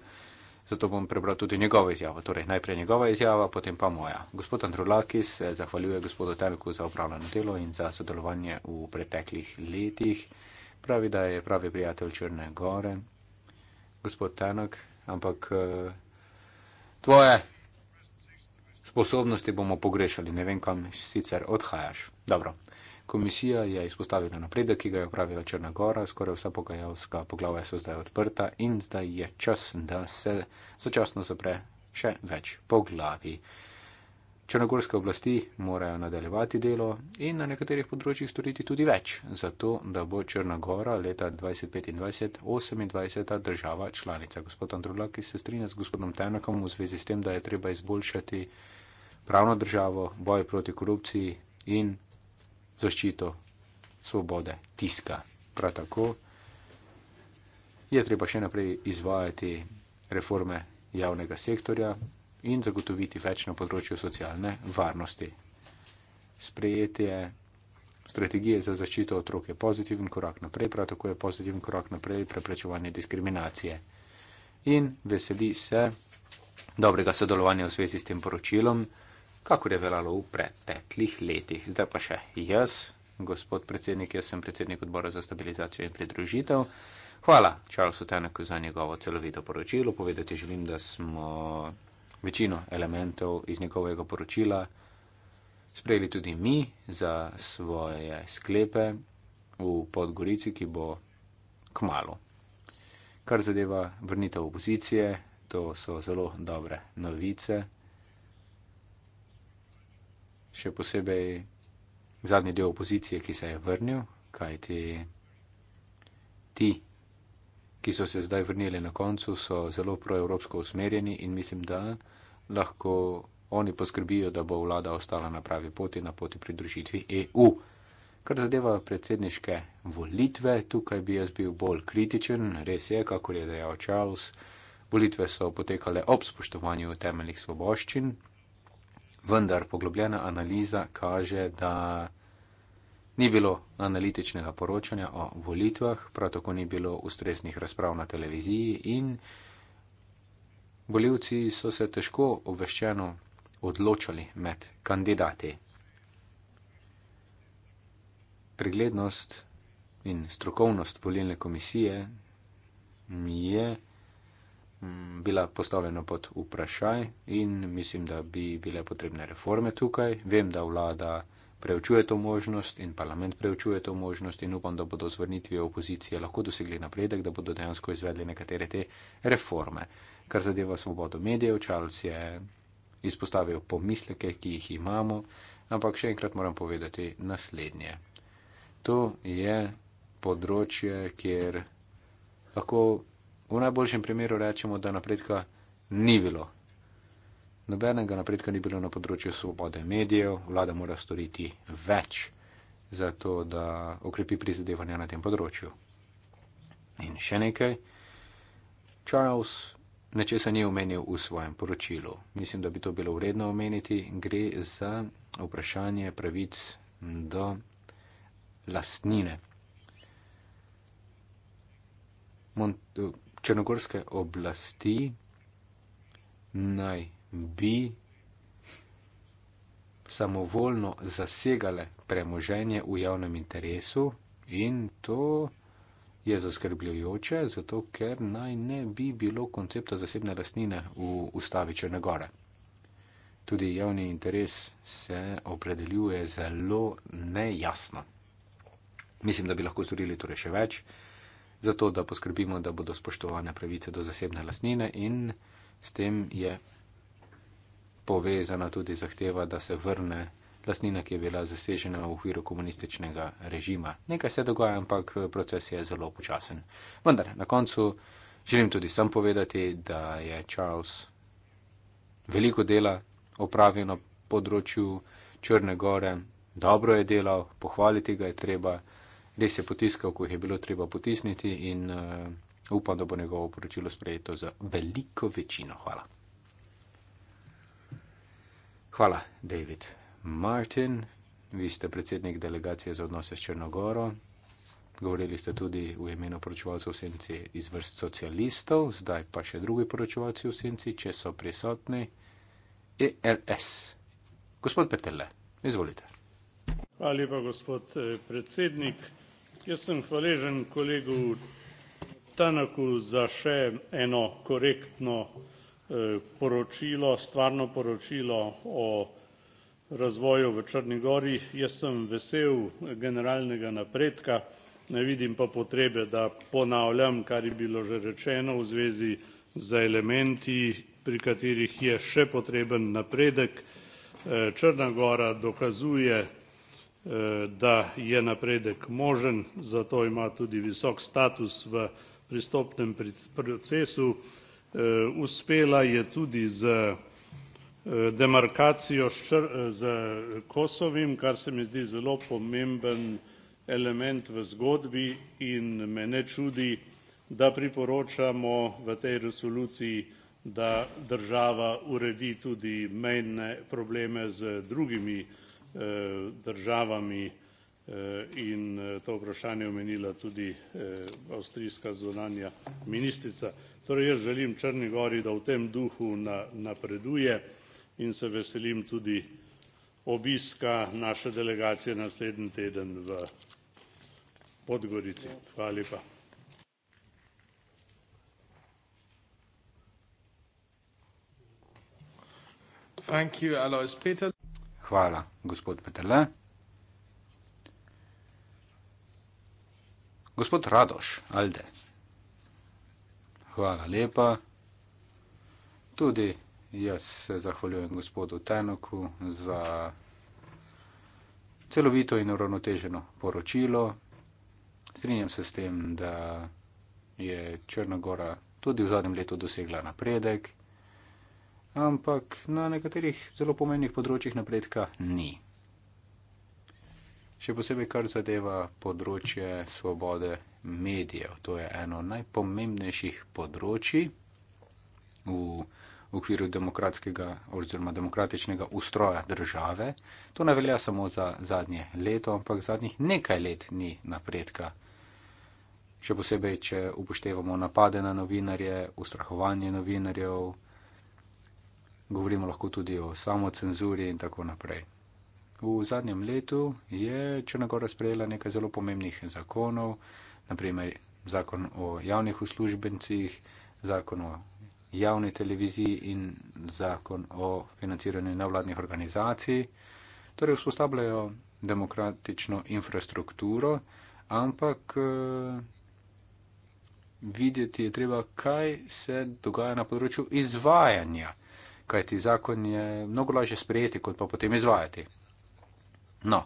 zato bom prebral tudi njegovo izjavo. Torej, najprej njegova izjava, potem pa moja. Gospod Andrulakis eh, zahvaljuje gospodu Temiku za upravljeno delo in za sodelovanje v preteklih letih. Pravi, da je pravi prijatelj Črne Gore. Gospod Tenok, ampak eh, tvoje sposobnosti bomo pogrešali, ne vem, kam sicer odhajaš. Dobro. Komisija je izpostavila napredek, ki ga je upravila Črna Gora, skoraj vsa pogajalska poglavja so zdaj odprta in zdaj je čas, da se začasno zapre še več poglavi. Črnogorske oblasti morajo nadaljevati delo in na nekaterih področjih storiti tudi več, zato da bo Črna Gora leta 2025-2028 država članica. Gospod Androlak, ki se strinja z gospodom Tenakom v zvezi s tem, da je treba izboljšati pravno državo, boj proti korupciji in zaščito svobode tiska. Prav tako je treba še naprej izvajati reforme javnega sektorja in zagotoviti več na področju socialne varnosti. Sprejetje strategije za zaščito otrok je pozitiven korak naprej, prav tako je pozitiven korak naprej preprečevanje diskriminacije. In veseli se dobrega sodelovanja v zvezi s tem poročilom kakor je veljalo v preteklih letih. Zdaj pa še jaz, gospod predsednik, jaz sem predsednik odbora za stabilizacijo in pridružitev. Hvala Charlesu Teneku za njegovo celovito poročilo. Povedati želim, da smo večino elementov iz njegovega poročila sprejeli tudi mi za svoje sklepe v Podgorici, ki bo kmalo. Kar zadeva vrnitev opozicije, to so zelo dobre novice še posebej zadnji del opozicije, ki se je vrnil, kaj ti ti, ki so se zdaj vrnili na koncu, so zelo proevropsko usmerjeni in mislim, da lahko oni poskrbijo, da bo vlada ostala na pravi poti, na poti pridružitvi EU. Kar zadeva predsedniške volitve, tukaj bi jaz bil bolj kritičen, res je, kako je dejal Charles. Volitve so potekale ob spoštovanju temeljnih svoboščin, vendar poglobljena analiza kaže, da ni bilo analitičnega poročanja o volitvah, prav tako ni bilo ustreznih razprav na televiziji in voljivci so se težko obveščeno odločali med kandidati. Preglednost in strokovnost volilne komisije je bila postavljena pod vprašaj in mislim, da bi bile potrebne reforme tukaj. Vem, da vlada preučuje to možnost in parlament preučuje to možnost in upam, da bodo z vrnitvijo opozicije lahko dosegli napredek, da bodo dejansko izvedli nekatere te reforme. Kar zadeva svobodo medijev, Charles je izpostavil pomisleke, ki jih imamo, ampak še enkrat moram povedati naslednje. To je področje, kjer lahko v najboljšem primeru rečemo, da napredka ni bilo. Nobenega napredka ni bilo na področju svobode medijev, vlada mora storiti več za to, da okrepi prizadevanja na tem področju. In še nekaj, Charles nečesa ni omenil v svojem poročilu. Mislim, da bi to bilo vredno omeniti. Gre za vprašanje pravic do lastnine. Mont črnogorske oblasti naj bi samovoljno zasegale premoženje v javnem interesu in to je zaskrbljujoče, zato ker naj ne bi bilo koncepta zasebne lastnine v ustavi Črne Gore. Tudi javni interes se opredeljuje zelo nejasno. Mislim, da bi lahko storili torej še več zato da poskrbimo, da bodo spoštovane pravice do zasebne lasnine in s tem je povezana tudi zahteva, da se vrne lasnina, ki je bila zasežena v okviru komunističnega režima. Nekaj se dogaja, ampak proces je zelo počasen. Vendar na koncu želim tudi sam povedati, da je Charles veliko dela opravil na področju Črne gore, dobro je delal, pohvaliti ga je treba res je potiskal, ko jih je bilo treba potisniti in uh, upam, da bo njegovo poročilo sprejeto za veliko večino. Hvala. Hvala, David Martin. Vi ste predsednik delegacije za odnose s Črnogoro. Govorili ste tudi v imenu poročevalcev v senci iz vrst socialistov, zdaj pa še drugi poročevalci v senci, če so prisotni. ERS. Gospod Petele, izvolite. Hvala lepa, gospod eh, predsednik. Jaz sem hvaležen kolegu Tanaku za še eno korektno eh, poročilo, stvarno poročilo o razvoju v Črni Gori. Jaz sem vesel generalnega napredka, ne vidim pa potrebe, da ponavljam, kar je bilo že rečeno v zvezi za elementi, pri katerih je še potreben napredek. Eh, Črna Gora dokazuje, Eh, da je napredek možen, zato ima tudi visok status v pristopnem procesu. Eh, uspela je tudi z eh, demarkacijo z Kosovim, kar se mi zdi zelo pomemben element v zgodbi in me ne čudi, da priporočamo v tej resoluciji, da država uredi tudi mejne probleme z drugimi državami, Eh, državami eh, in eh, to vprašanje omenila tudi avstrijska zunanja ministrica. Torej jaz želim Črni gori, da v tem duhu napreduje in se veselim tudi obiska naše delegacije naslednji teden v Podgorici. Hvala lepa. Thank you, Alois Peter. Hvala, gospod Petele. Gospod Radoš, Alde. Hvala lepa. Tudi jaz se zahvaljujem gospodu Tenoku za celovito in uravnoteženo poročilo. Strinjam se s tem, da je Črna gora tudi v zadnjem letu dosegla napredek ampak na nekaterih zelo pomembnih področjih napredka ni. Še posebej, kar zadeva področje svobode medijev. To je eno najpomembnejših področji v okviru demokratskega oziroma demokratičnega ustroja države. To ne velja samo za zadnje leto, ampak zadnjih nekaj let ni napredka. Še posebej, če upoštevamo napade na novinarje, ustrahovanje novinarjev, govorimo lahko tudi o samocenzuri in tako naprej. V zadnjem letu je Črnagora sprejela nekaj zelo pomembnih zakonov, naprimer zakon o javnih uslužbencih, zakon o javni televiziji in zakon o financiranju nevladnih organizacij. Torej vzpostavljajo demokratično infrastrukturo, ampak eh, videti je treba, kaj se dogaja na področju izvajanja kajti zakon je mnogo lažje sprejeti, kot pa potem izvajati. No,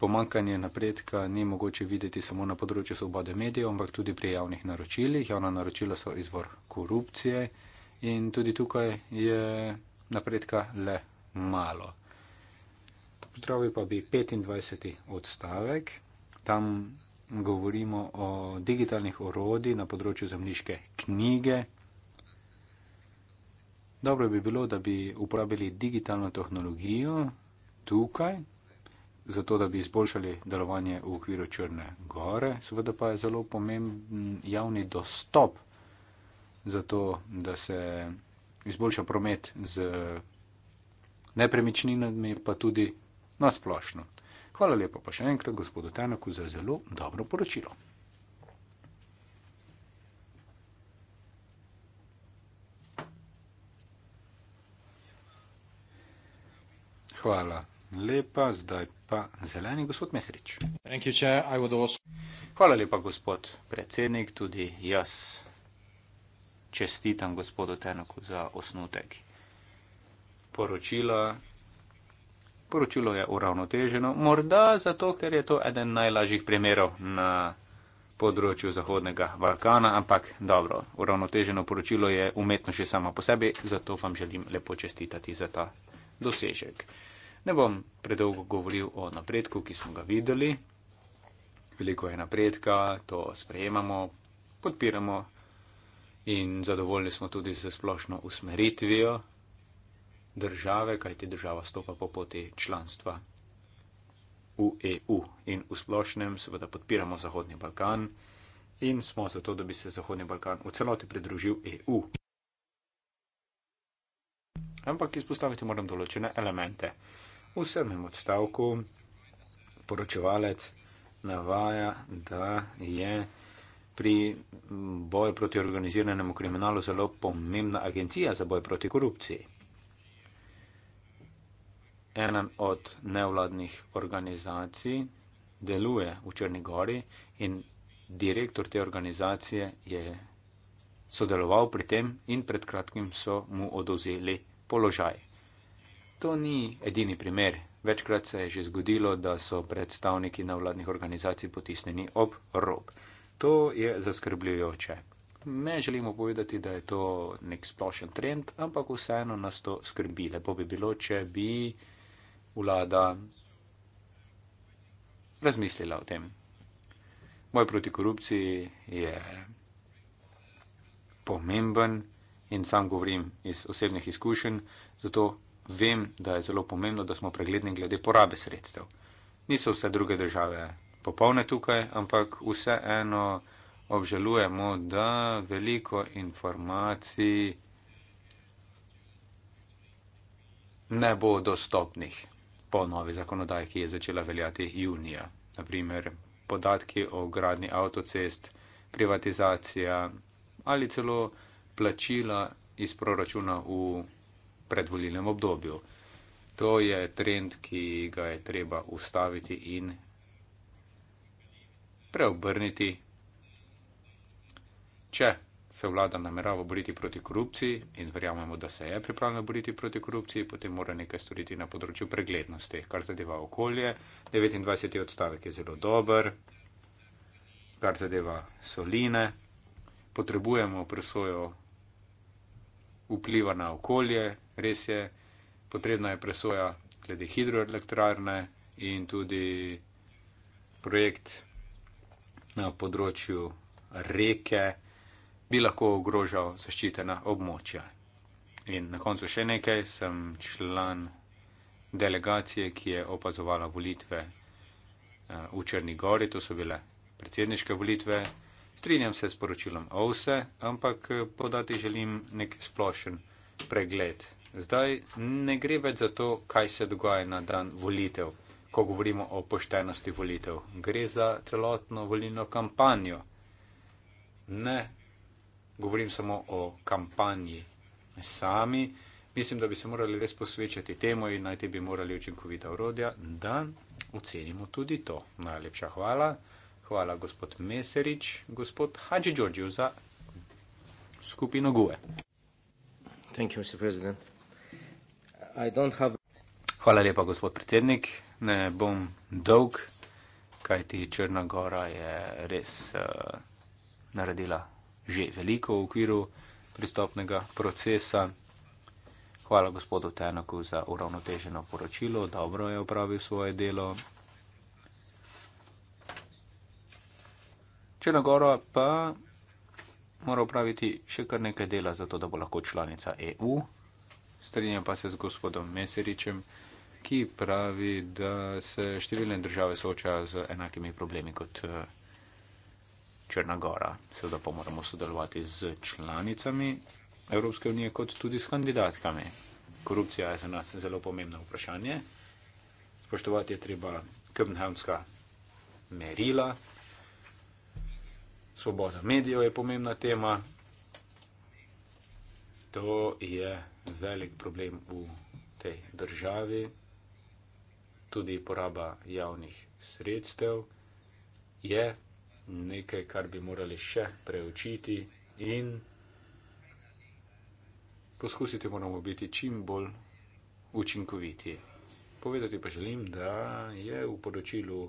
pomankanje napredka ni mogoče videti samo na področju svobode medijev, ampak tudi pri javnih naročilih. Javna naročila so izvor korupcije in tudi tukaj je napredka le malo. Pozdravil pa bi 25. odstavek. Tam govorimo o digitalnih orodi na področju zemljiške knjige, Dobro bi bilo, da bi uporabili digitalno tehnologijo tukaj, zato da bi izboljšali delovanje v okviru Črne gore. Seveda pa je zelo pomemben javni dostop, zato da se izboljša promet z nepremičninami, pa tudi nasplošno. Hvala lepa pa še enkrat gospodu Tenaku za zelo dobro poročilo. Hvala lepa, zdaj pa zeleni gospod Mesrič. Hvala lepa, gospod predsednik, tudi jaz čestitam gospodu Tenoku za osnutek poročila. Poročilo je uravnoteženo, morda zato, ker je to eden najlažjih primerov na področju Zahodnega Balkana, ampak dobro, uravnoteženo poročilo je umetno že samo po sebi, zato vam želim lepo čestitati za ta dosežek. Ne bom predolgo govoril o napredku, ki smo ga videli. Veliko je napredka, to sprejemamo, podpiramo in zadovoljni smo tudi z splošno usmeritvijo države, kajti država stopa po poti članstva v EU. In v splošnem seveda podpiramo Zahodni Balkan in smo zato, da bi se Zahodni Balkan v celoti pridružil EU. Ampak izpostaviti moram določene elemente. V samem odstavku poročevalec navaja, da je pri boju proti organiziranemu kriminalu zelo pomembna agencija za boj proti korupciji. Ena od nevladnih organizacij deluje v Črni Gori in direktor te organizacije je sodeloval pri tem in pred kratkim so mu oduzeli položaj. To ni edini primer. Večkrat se je že zgodilo, da so predstavniki navladnih organizacij potisnjeni ob rob. To je zaskrbljujoče. Ne želimo povedati, da je to nek splošen trend, ampak vseeno nas to skrbi. Lepo bi bilo, če bi vlada razmislila o tem. Moj proti korupciji je pomemben in sam govorim iz osebnih izkušenj, zato vem, da je zelo pomembno, da smo pregledni glede porabe sredstev. Niso vse druge države popolne tukaj, ampak vseeno obžalujemo, da veliko informacij ne bo dostopnih po novi zakonodaji, ki je začela veljati junija. Naprimer, podatki o gradni avtocest, privatizacija ali celo plačila iz proračuna v predvoljenem obdobju. To je trend, ki ga je treba ustaviti in preobrniti. Če se vlada namerava boriti proti korupciji in verjamemo, da se je pripravljena boriti proti korupciji, potem mora nekaj storiti na področju preglednosti, kar zadeva okolje. 29. odstavek je zelo dober, kar zadeva soline. Potrebujemo presojo vpliva na okolje, res je, potrebna je presoja glede hidroelektrarne in tudi projekt na področju reke bi lahko ogrožal zaščitena območja. In na koncu še nekaj, sem član delegacije, ki je opazovala volitve eh, v Črni Gori, to so bile predsedniške volitve. Strinjam se s poročilom OVSE, ampak eh, podati želim nek splošen pregled. Zdaj ne gre več za to, kaj se dogaja na dan volitev, ko govorimo o poštenosti volitev. Gre za celotno volilno kampanjo. Ne govorim samo o kampanji sami. Mislim, da bi se morali res posvečati temu in najti bi morali učinkovita urodja, da ocenimo tudi to. Najlepša hvala. Hvala, gospod Meserič. Gospod Hadži Đorđev za skupino GUE. Thank you, have... Hvala lepa, gospod predsednik. Ne bom dolg, kajti Črna Gora je res uh, naredila že veliko v okviru pristopnega procesa. Hvala gospodu Tenaku za uravnoteženo poročilo, dobro je opravil svoje delo. Črna Gora pa mora upraviti še kar nekaj dela, zato da bo lahko članica EU. Strinjam pa se z gospodom Meseričem, ki pravi, da se številne države soočajo z enakimi problemi kot eh, Črna Gora. Seveda pa moramo sodelovati z članicami Evropske unije, kot tudi s kandidatkami. Korupcija je za nas zelo pomembno vprašanje. Spoštovati je treba Kopenhagenska merila, Svoboda medijev je pomembna tema. To je velik problem v tej državi, tudi poraba javnih sredstev je nekaj, kar bi morali še preučiti in poskusiti moramo biti čim bolj učinkoviti. Povedati pa želim, da je v poročilu.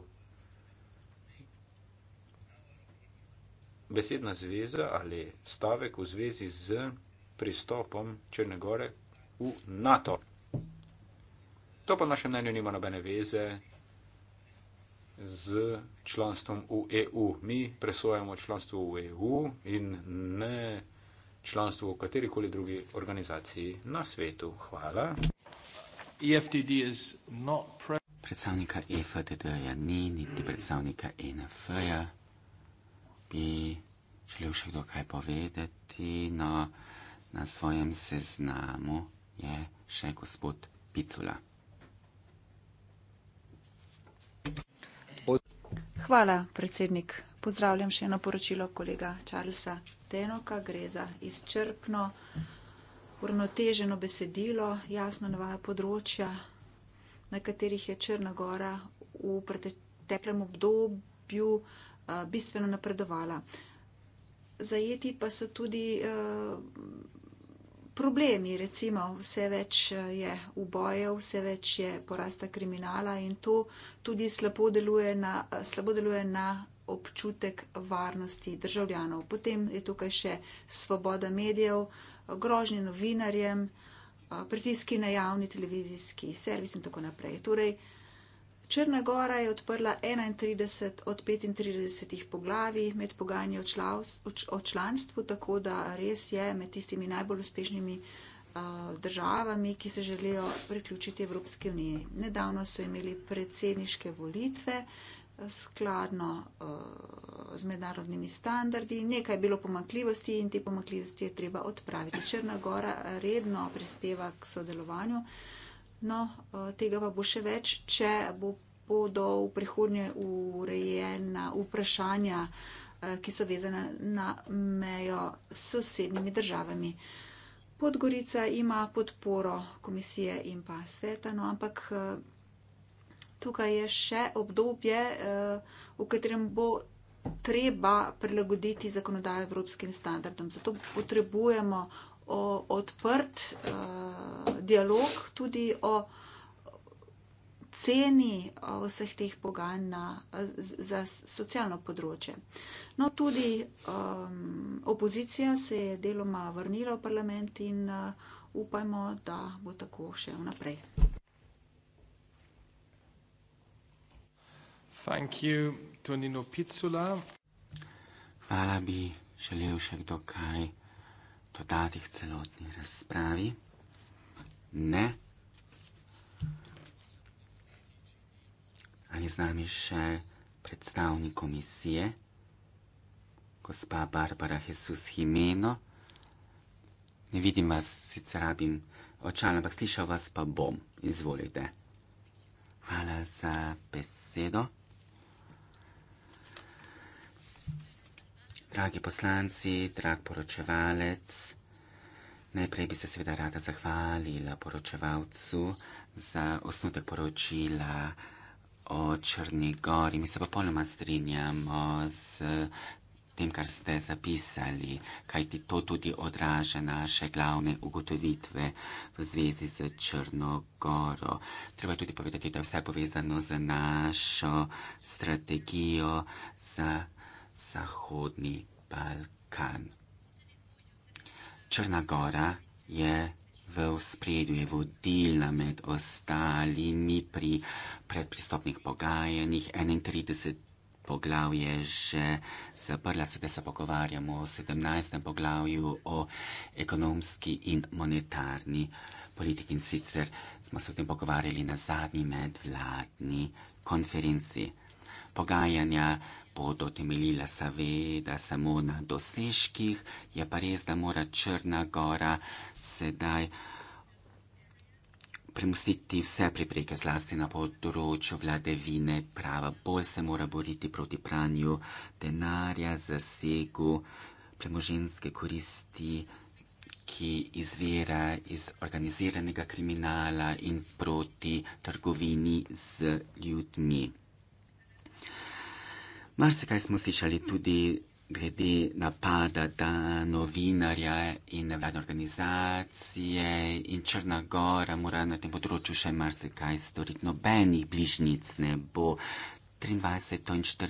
besedna zveza ali stavek v zvezi z pristopom Črne gore v NATO. To pa naše mnenje nima nobene veze z članstvom v EU. Mi presojamo članstvo v EU in ne članstvo v katerikoli drugi organizaciji na svetu. Hvala. E predstavnika EFTD-ja ni, niti predstavnika NFJ-ja bi želel še kdo kaj povedati, no, na svojem seznamu je še gospod Picula. Hvala, predsednik. Pozdravljam še eno poročilo kolega Charlesa Tenoka. Gre za izčrpno, uravnoteženo besedilo, jasno navaja področja, na katerih je Črna gora v preteklem obdobju bistveno napredovala. Zajeti pa so tudi problemi, recimo vse več je ubojev, vse več je porasta kriminala in to tudi slabo deluje na, slabo deluje na občutek varnosti državljanov. Potem je tukaj še svoboda medijev, grožnje novinarjem, pritiski na javni televizijski servis in tako naprej. Torej, Črna gora je odprla 31 od 35 poglavij med pogajanji o, člav, o članstvu, tako da res je med tistimi najbolj uspešnimi uh, državami, ki se želijo priključiti Evropske unije. Nedavno so imeli predsedniške volitve skladno uh, z mednarodnimi standardi. Nekaj je bilo pomakljivosti in te pomakljivosti je treba odpraviti. Črna gora redno prispeva k sodelovanju uh, No, eh, tega pa bo še več, če bo bodo v prihodnje urejena vprašanja, eh, ki so vezane na mejo s sosednjimi državami. Podgorica ima podporo komisije in pa sveta, no ampak eh, tukaj je še obdobje, v katerem bo treba prilagoditi zakonodajo evropskim standardom. Zato potrebujemo o odprt uh, dialog, tudi o ceni eh, vseh teh pogajanj na, za socialno področje. No, tudi um, opozicija se je deloma vrnila v parlament in uh, upajmo, da bo tako še vnaprej. Hvala, bi želel še kdo kaj podatih celotni razpravi? Ne. Ali z nami še predstavni komisije, gospa Barbara Jesus Jimeno? Ne vidim vas, sicer rabim očal, ampak slišal vas pa bom. Izvolite. Hvala za besedo. Dragi poslanci, drag poročevalec, najprej bi se seveda rada zahvalila poročevalcu za osnutek poročila o Črni Gori. Mi se popolnoma strinjamo z tem, kar ste zapisali, kajti to tudi odraža naše glavne ugotovitve v zvezi z Črno Goro. Treba tudi povedati, da je vse povezano z našo strategijo za. Zahodni Balkan. Črna Gora je v spredju, je vodila med ostalimi pri predpristopnih pogajanjih 31. Poglav je že zaprla, sedaj se pogovarjamo o 17. poglavju o ekonomski in monetarni politiki. In sicer smo se o tem pogovarjali na zadnji medvladni konferenci. Pogajanja bodo temeljila seveda samo na dosežkih, je pa res, da mora Črna Gora sedaj premustiti vse pripreke zlasti na področju vladevine prava. Bolj se mora boriti proti pranju denarja, zasegu, premoženske koristi, ki izvira iz organiziranega kriminala in proti trgovini z ljudmi. Marsikaj smo slišali tudi glede napada na novinarje in nevladne organizacije in Črna Gora mora na tem področju še marsikaj storiti. Nobenih bližnic ne bo. 23.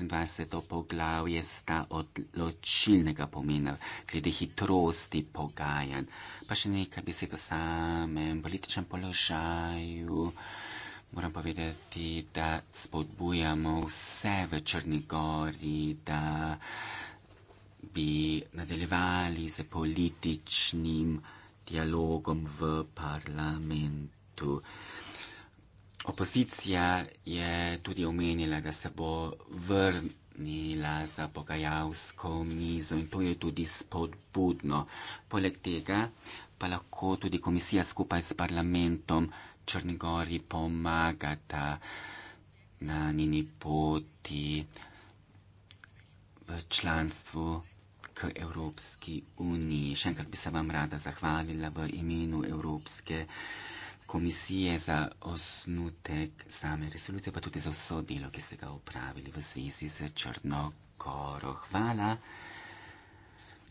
in 24. poglavje sta odločilnega pomena glede hitrosti pogajanj. Pa še nekaj besed o samem političnem položaju. Moram povedati, da spodbujamo vse v Črnigori, da bi nadaljevali z političnim dialogom v parlamentu. Opozicija je tudi omenila, da se bo vrnila za pogajalsko mizo in to je tudi spodbudno. Poleg tega pa lahko tudi komisija skupaj s parlamentom Črni gori pomagata na njeni poti v članstvu k Evropski uniji. Še enkrat bi se vam rada zahvalila v imenu Evropske komisije za osnutek same resolucije, pa tudi za vso delo, ki ste ga upravili v zvezi z Črno goro. Hvala.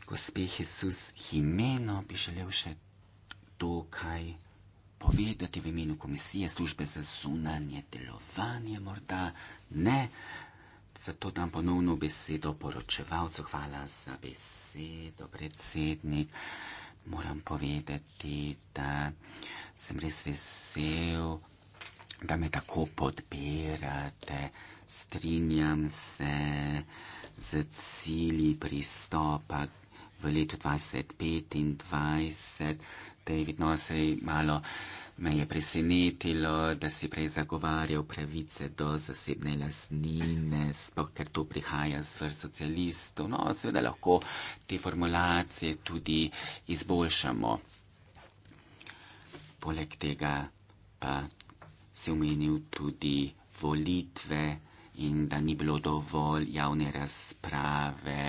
Gospe Jesus Jimeno bi želel še to, kaj povedati v imenu komisije, službe za zunanje delovanje, morda ne. Zato dam ponovno besedo poročevalcu. Hvala za besedo, predsednik. Moram povedati, da sem res vesel, da me tako podpirate. Strinjam se z cilji pristopa v letu 2025. David Nosej malo me je presenetilo, da si prej zagovarjal pravice do zasebne lasnine, spoh, ker to prihaja z vrst socialistov. No, seveda lahko te formulacije tudi izboljšamo. Poleg tega pa si omenil tudi volitve in da ni bilo dovolj javne razprave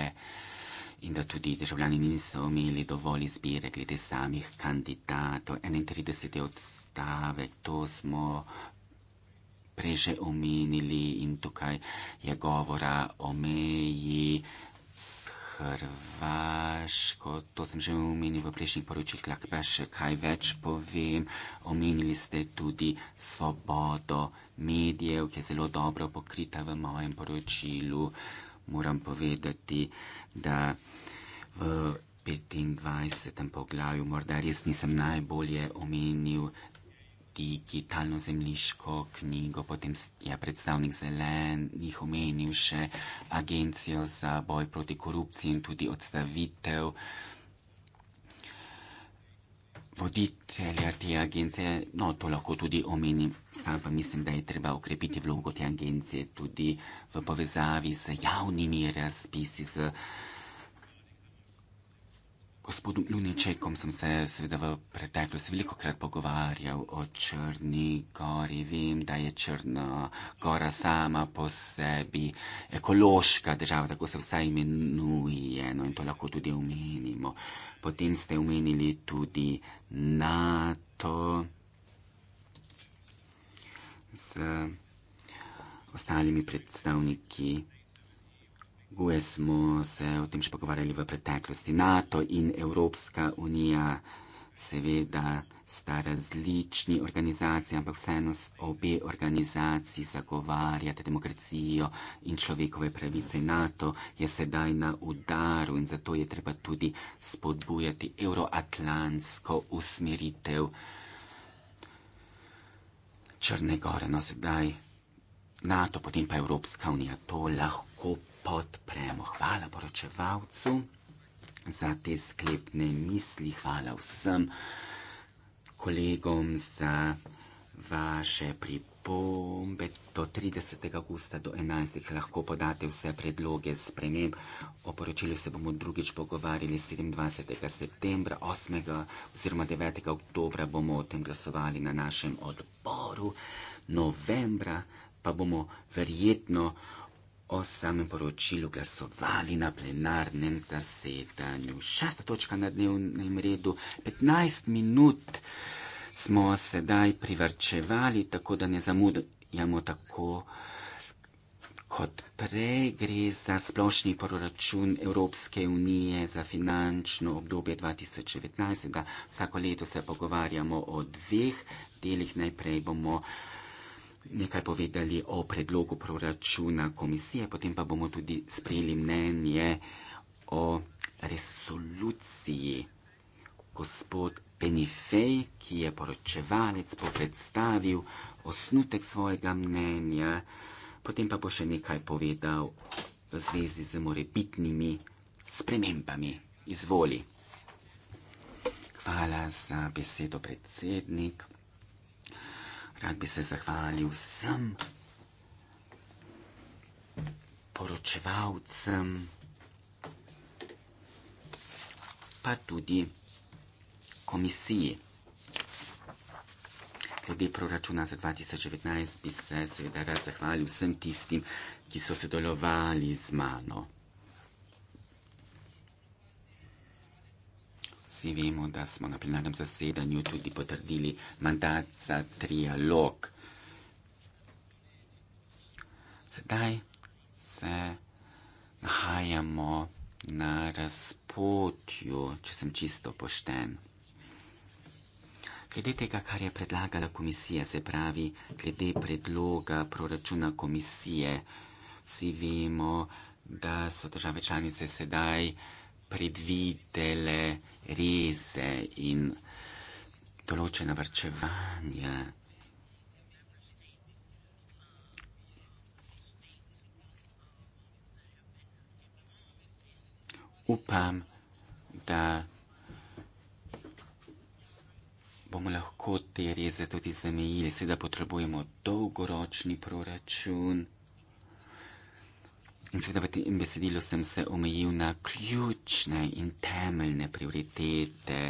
in da tudi državljani niso imeli dovolj izbire glede samih kandidatov. 31. odstavek, to smo prej že omenili in tukaj je govora o meji s Hrvaško, to sem že omenil v prejšnjih poročilih, lahko pa še kaj več povem. Omenili ste tudi svobodo medijev, ki je zelo dobro pokrita v mojem poročilu moram povedati, da v 25. poglavju morda res nisem najbolje omenil digitalno zemljiško knjigo, potem je predstavnik zelenih omenil še agencijo za boj proti korupciji in tudi odstavitev voditelja te agencije, no to lahko tudi omenim, sam pa mislim, da je treba ukrepiti vlogo te agencije tudi v povezavi z javnimi razpisi, z gospodom Luničekom sem se seveda v preteklosti veliko krat pogovarjal o Črni gori. Vem, da je Črna gora sama po sebi ekološka država, tako se vsaj imenuje. No, in to lahko tudi omenimo. Potem ste omenili tudi NATO z ostalimi predstavniki Guje smo se o tem še pogovarjali v preteklosti. NATO in Evropska unija seveda sta različni organizaciji, ampak vseeno obe organizaciji zagovarjate demokracijo in človekove pravice. NATO je sedaj na udaru in zato je treba tudi spodbujati euroatlantsko usmeritev Črne gore. No, sedaj NATO, potem pa Evropska unija. To lahko podpremo. Hvala poročevalcu za te sklepne misli, hvala vsem kolegom za vaše pripombe. Do 30. augusta, do 11. lahko podate vse predloge sprememb. O poročilu se bomo drugič pogovarjali 27. septembra, 8. oziroma 9. oktobra bomo o tem glasovali na našem odboru, novembra pa bomo verjetno o samem poročilu glasovali na plenarnem zasedanju. Šesta točka na dnevnem redu, 15 minut smo sedaj privrčevali, tako da ne zamudjamo tako. Kot prej gre za splošni proračun Evropske unije za finančno obdobje 2019, da vsako leto se pogovarjamo o dveh delih. Najprej bomo uh, nekaj povedali o predlogu proračuna komisije, potem pa bomo tudi sprejeli mnenje o resoluciji. Gospod Penifej, ki je poročevalec, bo predstavil osnutek svojega mnenja, potem pa bo še nekaj povedal v zvezi z morebitnimi spremembami. Izvoli. Hvala za besedo, predsednik. Rad bi se zahvalil vsem poročevalcem, pa tudi komisiji. Glede proračuna za 2019 bi se seveda rad zahvalil vsem tistim, ki so sodelovali z mano. vsi vemo, da smo na plenarnem zasedanju tudi potrdili mandat za trialog. Sedaj se nahajamo na razpotju, če sem čisto pošten. Glede tega, kar je predlagala komisija, se pravi, glede predloga proračuna komisije, vsi vemo, da so države članice sedaj predvidele reze in določena vrčevanja. Upam, da bomo lahko te reze tudi zamejili, seveda potrebujemo dolgoročni proračun. In seveda v tem besedilu sem se omejil na ključne in temeljne prioritete,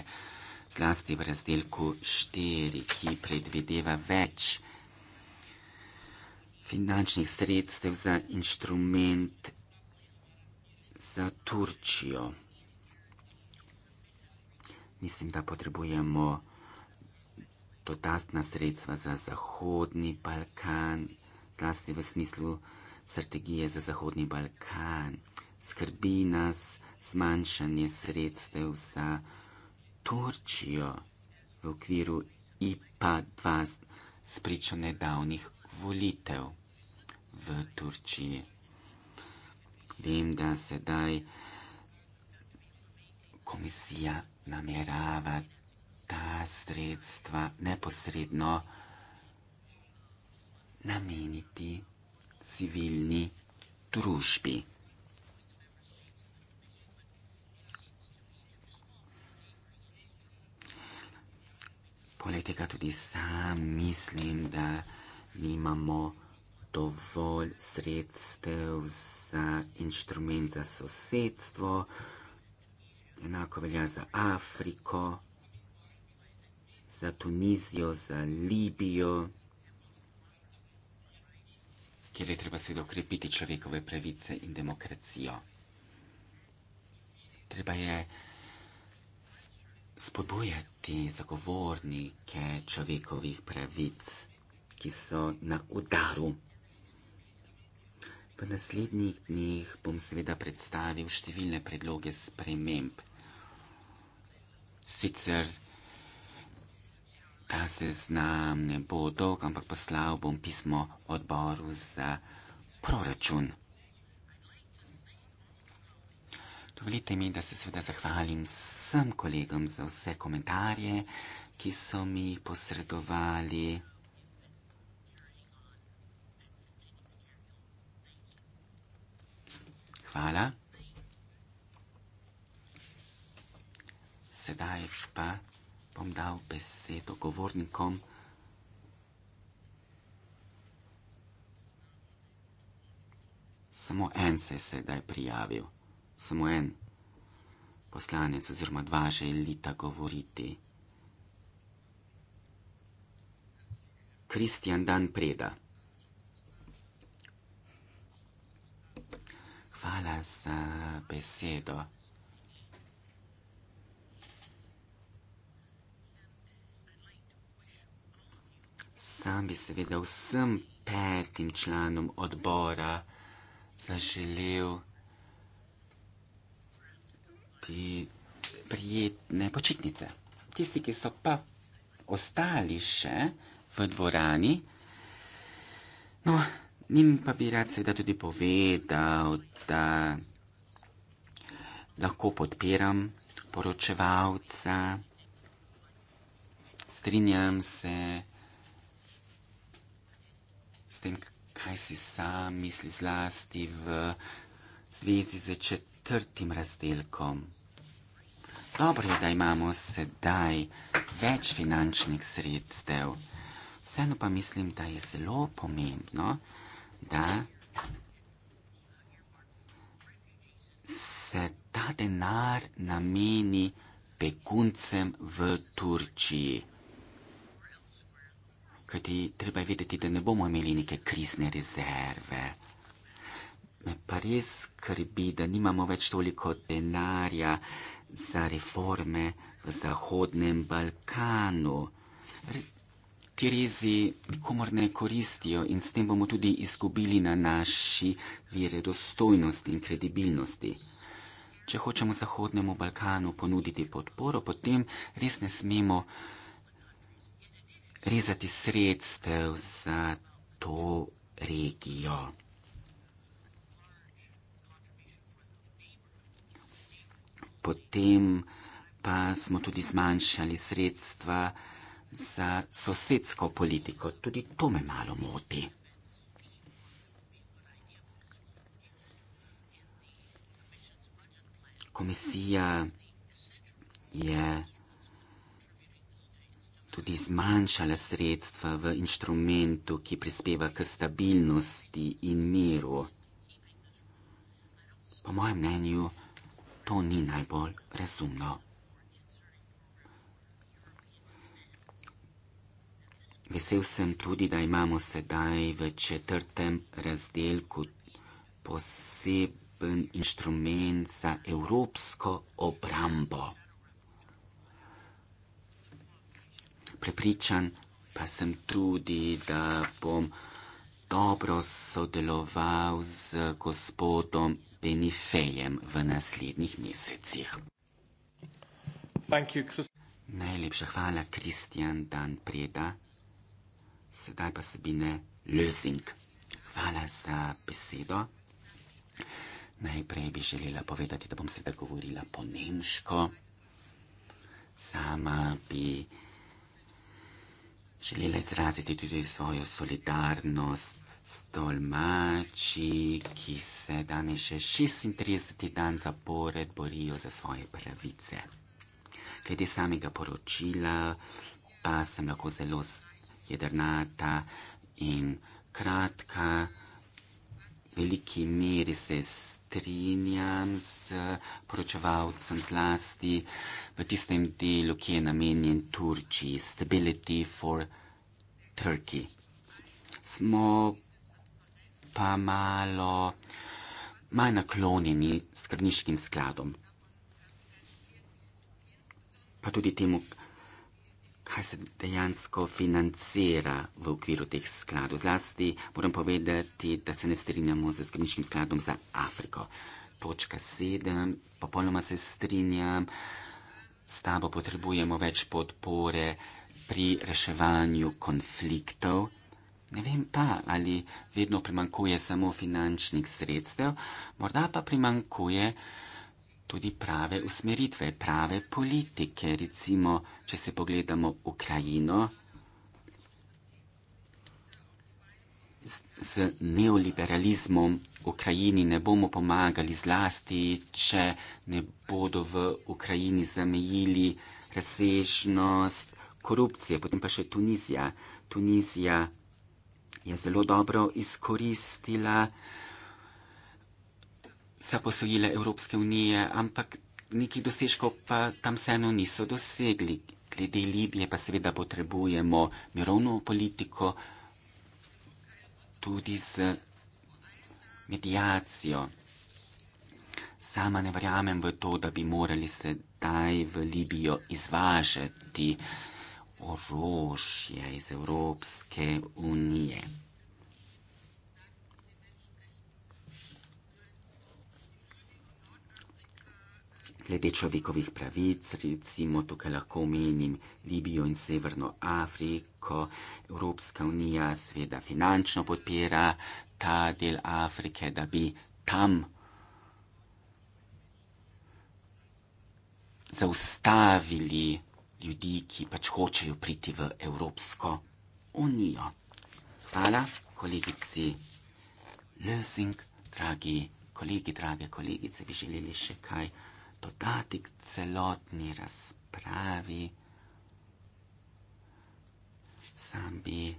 zlasti v razdelku 4, ki predvideva več finančnih sredstev za inštrument za Turčijo. Mislim, da potrebujemo dodatna sredstva za Zahodni Balkan, zlasti v smislu strategije za Zahodni Balkan. Skrbi nas zmanjšanje sredstev za Turčijo v okviru IPA 2 spričo nedavnih volitev v Turčiji. Vem, da sedaj komisija namerava ta sredstva neposredno nameniti civilni družbi. Poleg tega tudi sam mislim, da nimamo dovolj sredstev za inštrument za sosedstvo, enako velja za Afriko, za Tunizijo, za Libijo kjer je treba seveda ukrepiti človekove pravice in demokracijo. Treba je spodbujati zagovornike človekovih pravic, ki so na udaru. V naslednjih dneh bom seveda predstavil številne predloge sprememb. Sicer ta seznam ne bo dolg, ampak poslal bom pismo odboru za proračun. Dovolite mi, da se seveda zahvalim vsem kolegom za vse komentarje, ki so mi jih posredovali. Hvala. Sedaj pa bom dal besedo govornikom. Samo en se je sedaj prijavil, samo en poslanec oziroma dva želita govoriti. Kristjan Dan Preda. Hvala za besedo. sam bi seveda vsem petim članom odbora zaželil ti prijetne počitnice. Tisti, ki so pa ostali še v dvorani, no, njim pa bi rad seveda tudi povedal, da lahko podpiram poročevalca. Strinjam se tem, kaj si sam misli zlasti v zvezi z četrtim razdelkom. Dobro je, da imamo sedaj več finančnih sredstev. Vseeno pa mislim, da je zelo pomembno, da se ta denar nameni beguncem v Turčiji kajti treba je vedeti, da ne bomo imeli neke krizne rezerve. Me pa res skrbi, da nimamo več toliko denarja za reforme v Zahodnem Balkanu. Ti rezi nikomor ne koristijo in s tem bomo tudi izgubili na naši veredostojnosti in kredibilnosti. Če hočemo Zahodnemu Balkanu ponuditi podporo, potem res ne smemo rezati sredstev za to regijo. Potem pa smo tudi zmanjšali sredstva za sosedsko politiko. Tudi to me malo moti. Komisija je tudi zmanjšala sredstva v inštrumentu, ki prispeva k stabilnosti in miru. Po mojem mnenju to ni najbolj razumno. Vesel sem tudi, da imamo sedaj v četrtem razdelku poseben inštrument za evropsko obrambo. prepričan, pa sem tudi, da bom dobro sodeloval z gospodom Benifejem v naslednjih mesecih. You, Chris. Najlepša hvala, Kristjan Dan Preda. Sedaj pa Sabine Lösing. Hvala za besedo. Najprej bi želela povedati, da bom seveda govorila po nemško. Sama bi uh, želela izraziti tudi svojo solidarnost s tolmači, ki se danes že 36. dan zapored borijo za svoje pravice. Glede samega poročila pa sem lahko zelo jedrnata in kratka veliki meri se strinjam z poročevalcem zlasti v tistem delu, ki je namenjen Turčiji, Stability for Turkey. Smo pa malo manj naklonjeni skrbniškim skladom, pa tudi temu, kaj kaj se dejansko financira v okviru teh skladov. Zlasti moram povedati, da se ne strinjamo z skrbniškim skladom za Afriko. Točka sedem, popolnoma se strinjam, s tabo potrebujemo več podpore pri reševanju konfliktov. Ne vem pa, ali vedno primankuje samo finančnih sredstev, morda pa primankuje tudi prave usmeritve, prave politike. Recimo, če se pogledamo Ukrajino, z, z neoliberalizmom Ukrajini ne bomo pomagali zlasti, če ne bodo v Ukrajini zamejili razsežnost korupcije. Potem pa še Tunizija. Tunizija je zelo dobro izkoristila vsa posojila Evropske unije, ampak nekih dosežkov pa tam vseeno niso dosegli. Glede Libije pa seveda potrebujemo mirovno politiko tudi z medijacijo. Sama ne verjamem v to, da bi morali sedaj v Libijo izvažati orožje iz Evropske unije. Glede človekovih pravic, recimo tukaj lahko omenim Libijo in Severno Afriko, Evropska unija seveda finančno podpira ta del Afrike, da bi tam zaustavili ljudi, ki pač hočejo priti v Evropsko unijo. Hvala, kolegici Lösing, dragi kolegi, drage kolegice, bi želeli še kaj dodati k celotni razpravi. Sam bi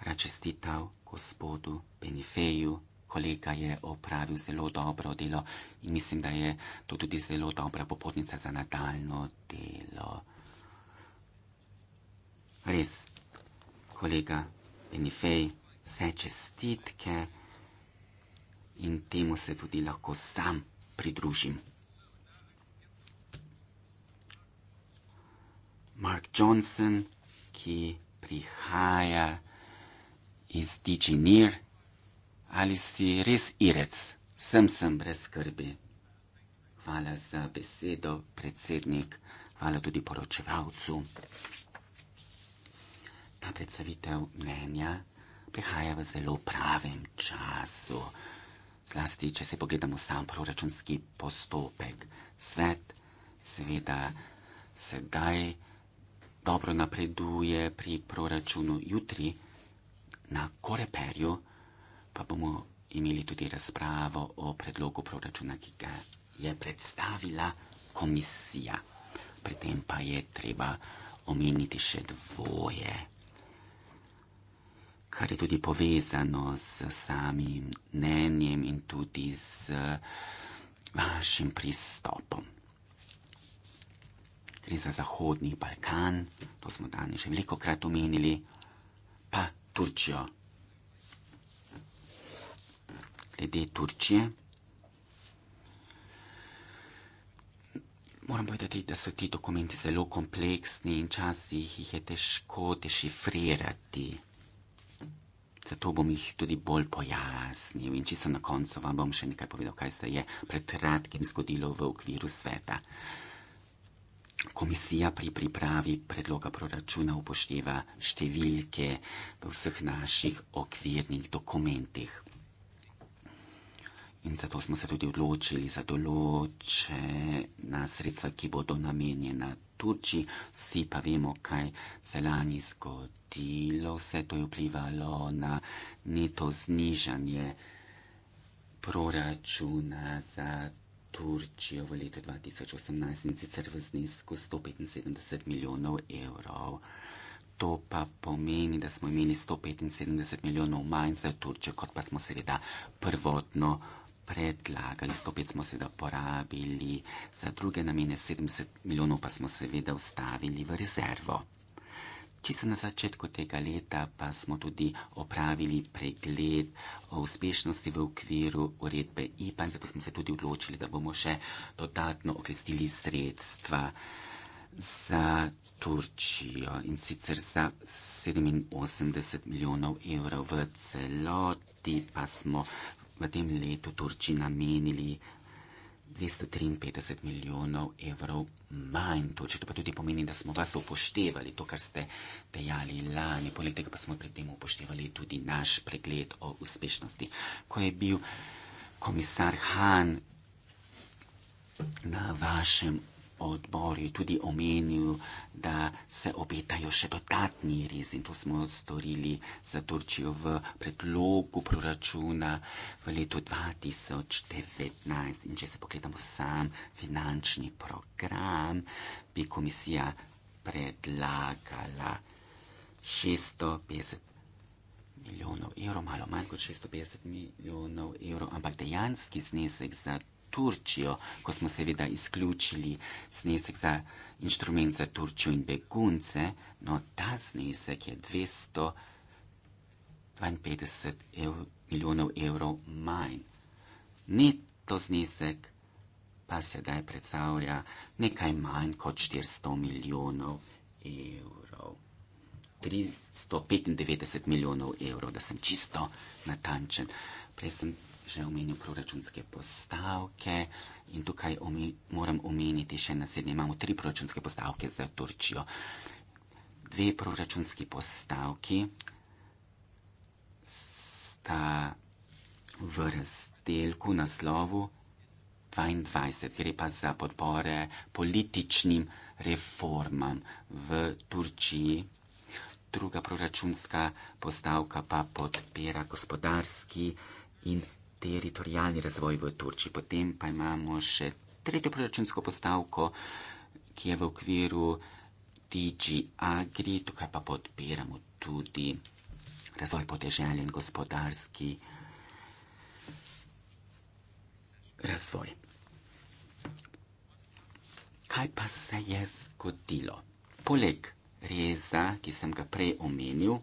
račestital gospodu Benifeju, kolega je opravil zelo dobro delo in mislim, da je to tudi zelo dobra popotnica za nadaljno delo. Res, kolega Benifej, vse čestitke in temu se tudi lahko sam pridružim. Mark Johnson, ki prihaja iz Digenir. Ali si res irec? Sem sem brez skrbi. Hvala za besedo, predsednik. Hvala tudi poročevalcu. Ta predstavitev mnenja prihaja v zelo pravem času. Zlasti, če se pogledamo sam proračunski postopek. Svet seveda sedaj dobro napreduje pri proračunu jutri na Koreperju, pa bomo imeli tudi razpravo o predlogu proračuna, ki ga je predstavila komisija. Pri tem pa je treba omeniti še dvoje, kar je tudi povezano s samim mnenjem in tudi z vašim pristopom gre za Zahodni Balkan, to smo danes že veliko krat omenili, pa Turčijo. Glede Turčije. Moram povedati, da so ti dokumenti zelo kompleksni in časih jih je težko dešifrirati. Zato bom jih tudi bolj pojasnil in čisto na koncu vam bom še nekaj povedal, kaj se je pred kratkim zgodilo v okviru sveta. Komisija pri pripravi predloga proračuna upošteva številke v vseh naših okvirnih dokumentih. In zato smo se tudi odločili za določena sredstva, ki bodo namenjena Turčji. Vsi pa vemo, kaj se lani zgodilo. Vse to je vplivalo na neto znižanje proračuna za Turčjo. Turčijo v letu 2018 in sicer v znesku 175 milijonov evrov. To pa pomeni, da smo imeli 175 milijonov manj za Turčijo, kot pa smo seveda prvotno predlagali. 105 smo seveda porabili za druge namene, 70 milijonov pa smo seveda ustavili v rezervo. Čisto na začetku tega leta pa smo tudi opravili pregled o uspešnosti v okviru uredbe IPA in zato smo se tudi odločili, da bomo še dodatno oklestili sredstva za Turčijo in sicer za 87 milijonov evrov v celoti pa smo v tem letu Turčiji namenili 253 milijonov evrov manj. To, če to pa tudi pomeni, da smo vas upoštevali, to, kar ste dejali lani, poleg tega pa smo pri tem upoštevali tudi naš pregled o uspešnosti. Ko je bil komisar Han na vašem odbor je tudi omenil, da se obetajo še dodatni rezi in to smo storili za Turčijo v predlogu proračuna v letu 2019. In če se pogledamo sam finančni program, bi komisija predlagala 650 milijonov evrov, malo manj kot 650 milijonov evrov, ampak dejanski znesek za Turčijo, ko smo seveda izključili znesek za inštrument za Turčijo in begunce, no ta znesek je 252 ev milijonov evrov manj. Neto znesek pa sedaj predstavlja nekaj manj kot 400 milijonov evrov. 395 milijonov evrov, da sem čisto natančen. Prej sem že omenil proračunske postavke. In tukaj omi, moram omeniti še naslednje. Imamo tri proračunske postavke za Turčijo. Dve proračunski postavki sta v razdelku na slovu 22. Gre pa za podpore političnim reformam v Turčiji. Druga proračunska postavka pa podpira gospodarski in teritorijalni razvoj v Turčiji. Potem pa imamo še tretjo proračunsko postavko, ki je v okviru DG Agri, tukaj pa podpiramo tudi razvoj podeželj in gospodarski razvoj. Kaj pa se je zgodilo? Poleg reza, ki sem ga prej omenil,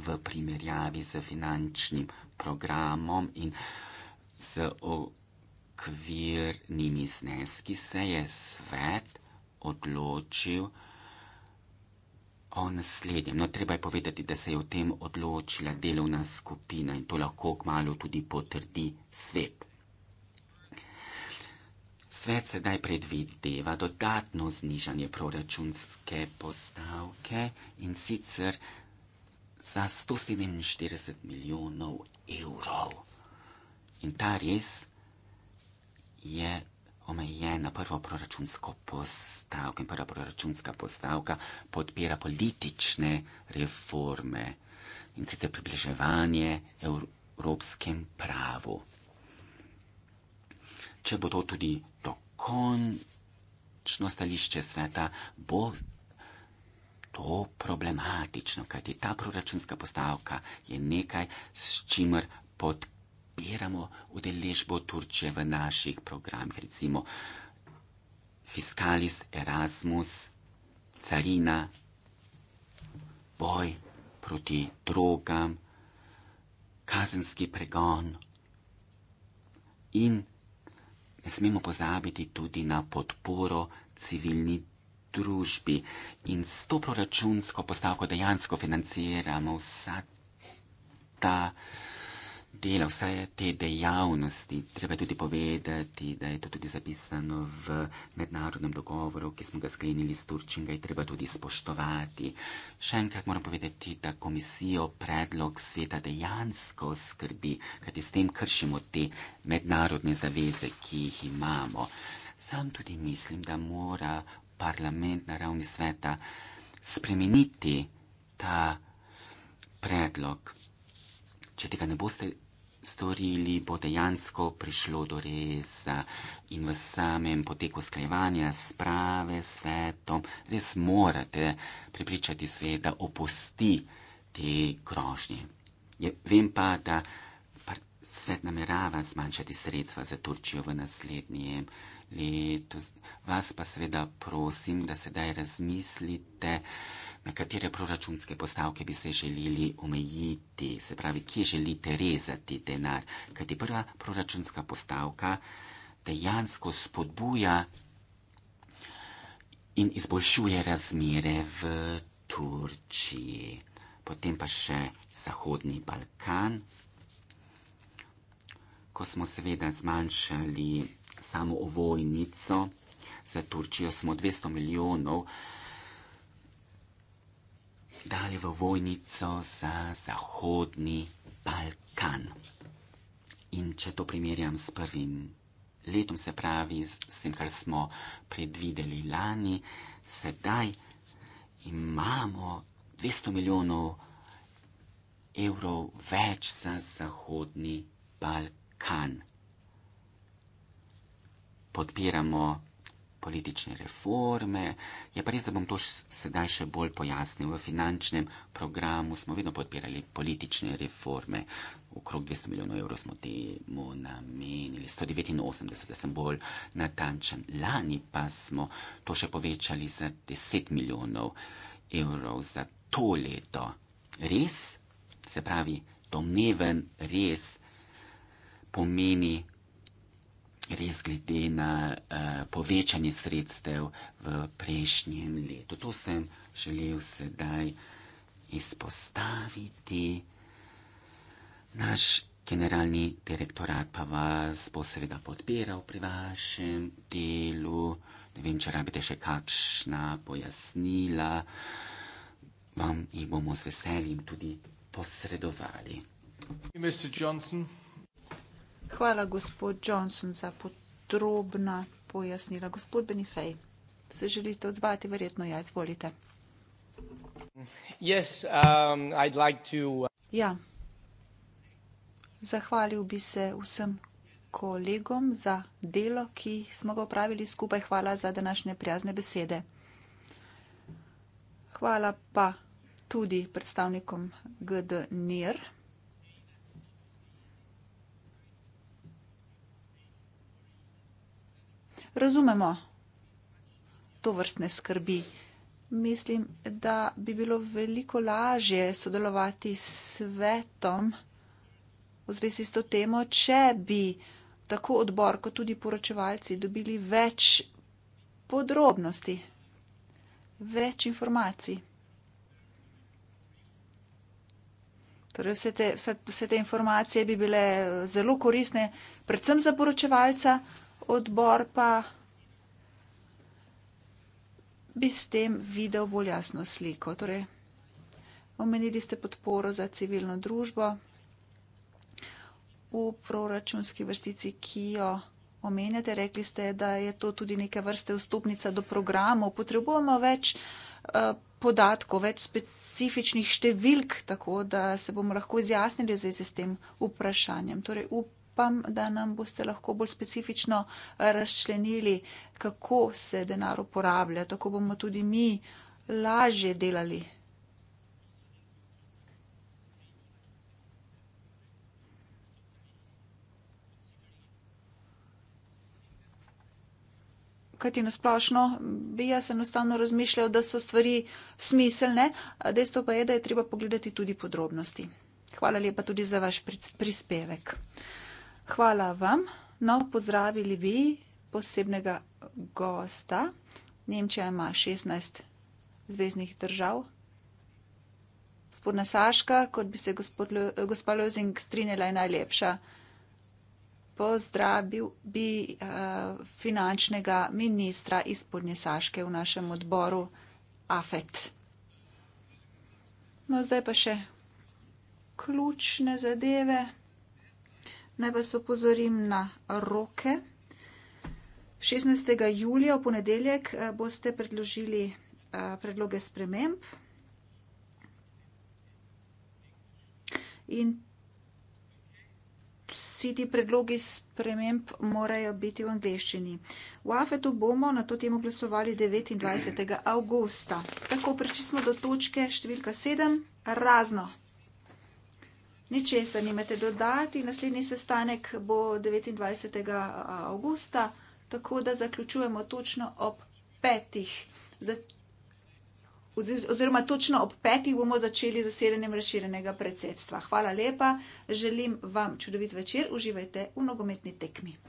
v primerjavi z finančnim programom in z okvirnimi zneski se je svet odločil o naslednjem. No, treba je povedati, da se je o tem odločila delovna skupina in to lahko kmalo tudi potrdi svet. Svet sedaj predvideva dodatno znižanje proračunske postavke in sicer za 147 milijonov evrov. In ta res je omejena prvo proračunsko postavko in prva proračunska postavka podpira politične reforme in sicer približevanje evropskem pravu. Če bo to tudi dokončno stališče sveta, bo to problematično, kajti ta proračunska postavka je nekaj, s čimer podpiramo udeležbo Turčije v naših programih, recimo Fiskalis, Erasmus, Carina, boj proti drogam, kazenski pregon in ne smemo pozabiti tudi na podporo civilni družbi in s to proračunsko postavko dejansko financiramo vsa ta dela, vse te dejavnosti. Treba tudi povedati, da je to tudi zapisano v mednarodnem dogovoru, ki smo ga sklenili s Turčijo in ga je treba tudi spoštovati. Še enkrat moram povedati, da komisijo predlog sveta dejansko skrbi, kajti s tem kršimo te mednarodne zaveze, ki jih imamo. Sam tudi mislim, da mora parlament na ravni sveta spremeniti ta predlog. Če tega ne boste storili, bo dejansko prišlo do reza in v samem poteku skrajevanja sprave s svetom res morate pripričati svet, da opusti te grožnje. Je, vem pa, da svet namerava zmanjšati sredstva za Turčijo v naslednjem letu letu. Vas pa seveda prosim, da sedaj razmislite, na katere proračunske postavke bi se želeli omejiti, se pravi, kje želite rezati denar. Kajti prva proračunska postavka dejansko spodbuja in izboljšuje razmere v Turčiji. Potem pa še Zahodni Balkan. Ko smo seveda zmanjšali samo ovojnico. Za Turčijo smo 200 milijonov dali v vojnico za Zahodni Balkan. In če to primerjam s prvim letom, se pravi s tem, kar smo predvideli lani, sedaj imamo 200 milijonov evrov več za Zahodni Balkan podpiramo politične reforme. Je pa res, da bom to sedaj še bolj pojasnil. V finančnem programu smo vedno podpirali politične reforme. Okrog 200 milijonov evrov smo temu namenili, 189, da sem bolj natančen. Lani pa smo to še povečali za 10 milijonov evrov za to leto. Res, se pravi, domneven res pomeni res glede na uh, povečanje sredstev v prejšnjem letu. To sem želel sedaj izpostaviti. Naš generalni direktorat pa vas bo seveda podpiral pri vašem delu. Ne vem, če rabite še kakšna pojasnila, vam jih bomo z veseljem tudi posredovali. Mr. Johnson. Hvala, gospod Johnson, za podrobna pojasnila. Gospod Benifej, se želite odzvati? Verjetno ja, izvolite. Yes, um, like to... Uh, ja, zahvalil bi se vsem kolegom za delo, ki smo ga opravili skupaj. Hvala za današnje prijazne besede. Hvala pa tudi predstavnikom GDNIR. razumemo to vrstne skrbi. Mislim, da bi bilo veliko lažje sodelovati s svetom v zvezi s to temo, če bi tako odbor kot tudi poročevalci dobili več podrobnosti, več informacij. Torej vse, te, vse, vse te informacije bi bile zelo korisne, predvsem za poročevalca, odbor pa bi s tem videl bolj jasno sliko. Torej, omenili ste podporo za civilno družbo v proračunski vrstici, ki jo omenjate. Rekli ste, da je to tudi neke vrste vstopnica do programov. Potrebujemo več eh, podatkov, več specifičnih številk, tako da se bomo lahko izjasnili v zvezi s tem vprašanjem. Torej, upam, da nam boste lahko bolj specifično razčlenili, kako se denar uporablja. Tako bomo tudi mi lažje delali. Kaj ti nasplošno, bi jaz enostavno razmišljal, da so stvari smiselne, dejstvo pa je, da je treba pogledati tudi podrobnosti. Hvala lepa tudi za vaš prispevek. Hvala vam. No, pozdravili bi posebnega gosta. Nemčija ima 16 zvezdnih držav. Spodna Saška, kot bi se gospod Lozing strinjala, je najlepša. Pozdravil bi uh, finančnega ministra iz Spodnje Saške v našem odboru AFET. No, zdaj pa še ključne zadeve. Naj vas opozorim na roke. 16. julija v ponedeljek eh, boste predložili eh, predloge sprememb. In vsi ti predlogi sprememb morajo biti v angliščini. V Afetu bomo na to temo glasovali 29. avgusta. Tako, prišli smo do točke številka 7. Razno ničesar nimate dodati. Naslednji sestanek bo 29. augusta, tako da zaključujemo točno ob petih. Oziroma, točno ob petih bomo začeli zasedanjem razširjenega predsedstva. Hvala lepa, želim vam čudovit večer, uživajte v nogometni tekmi.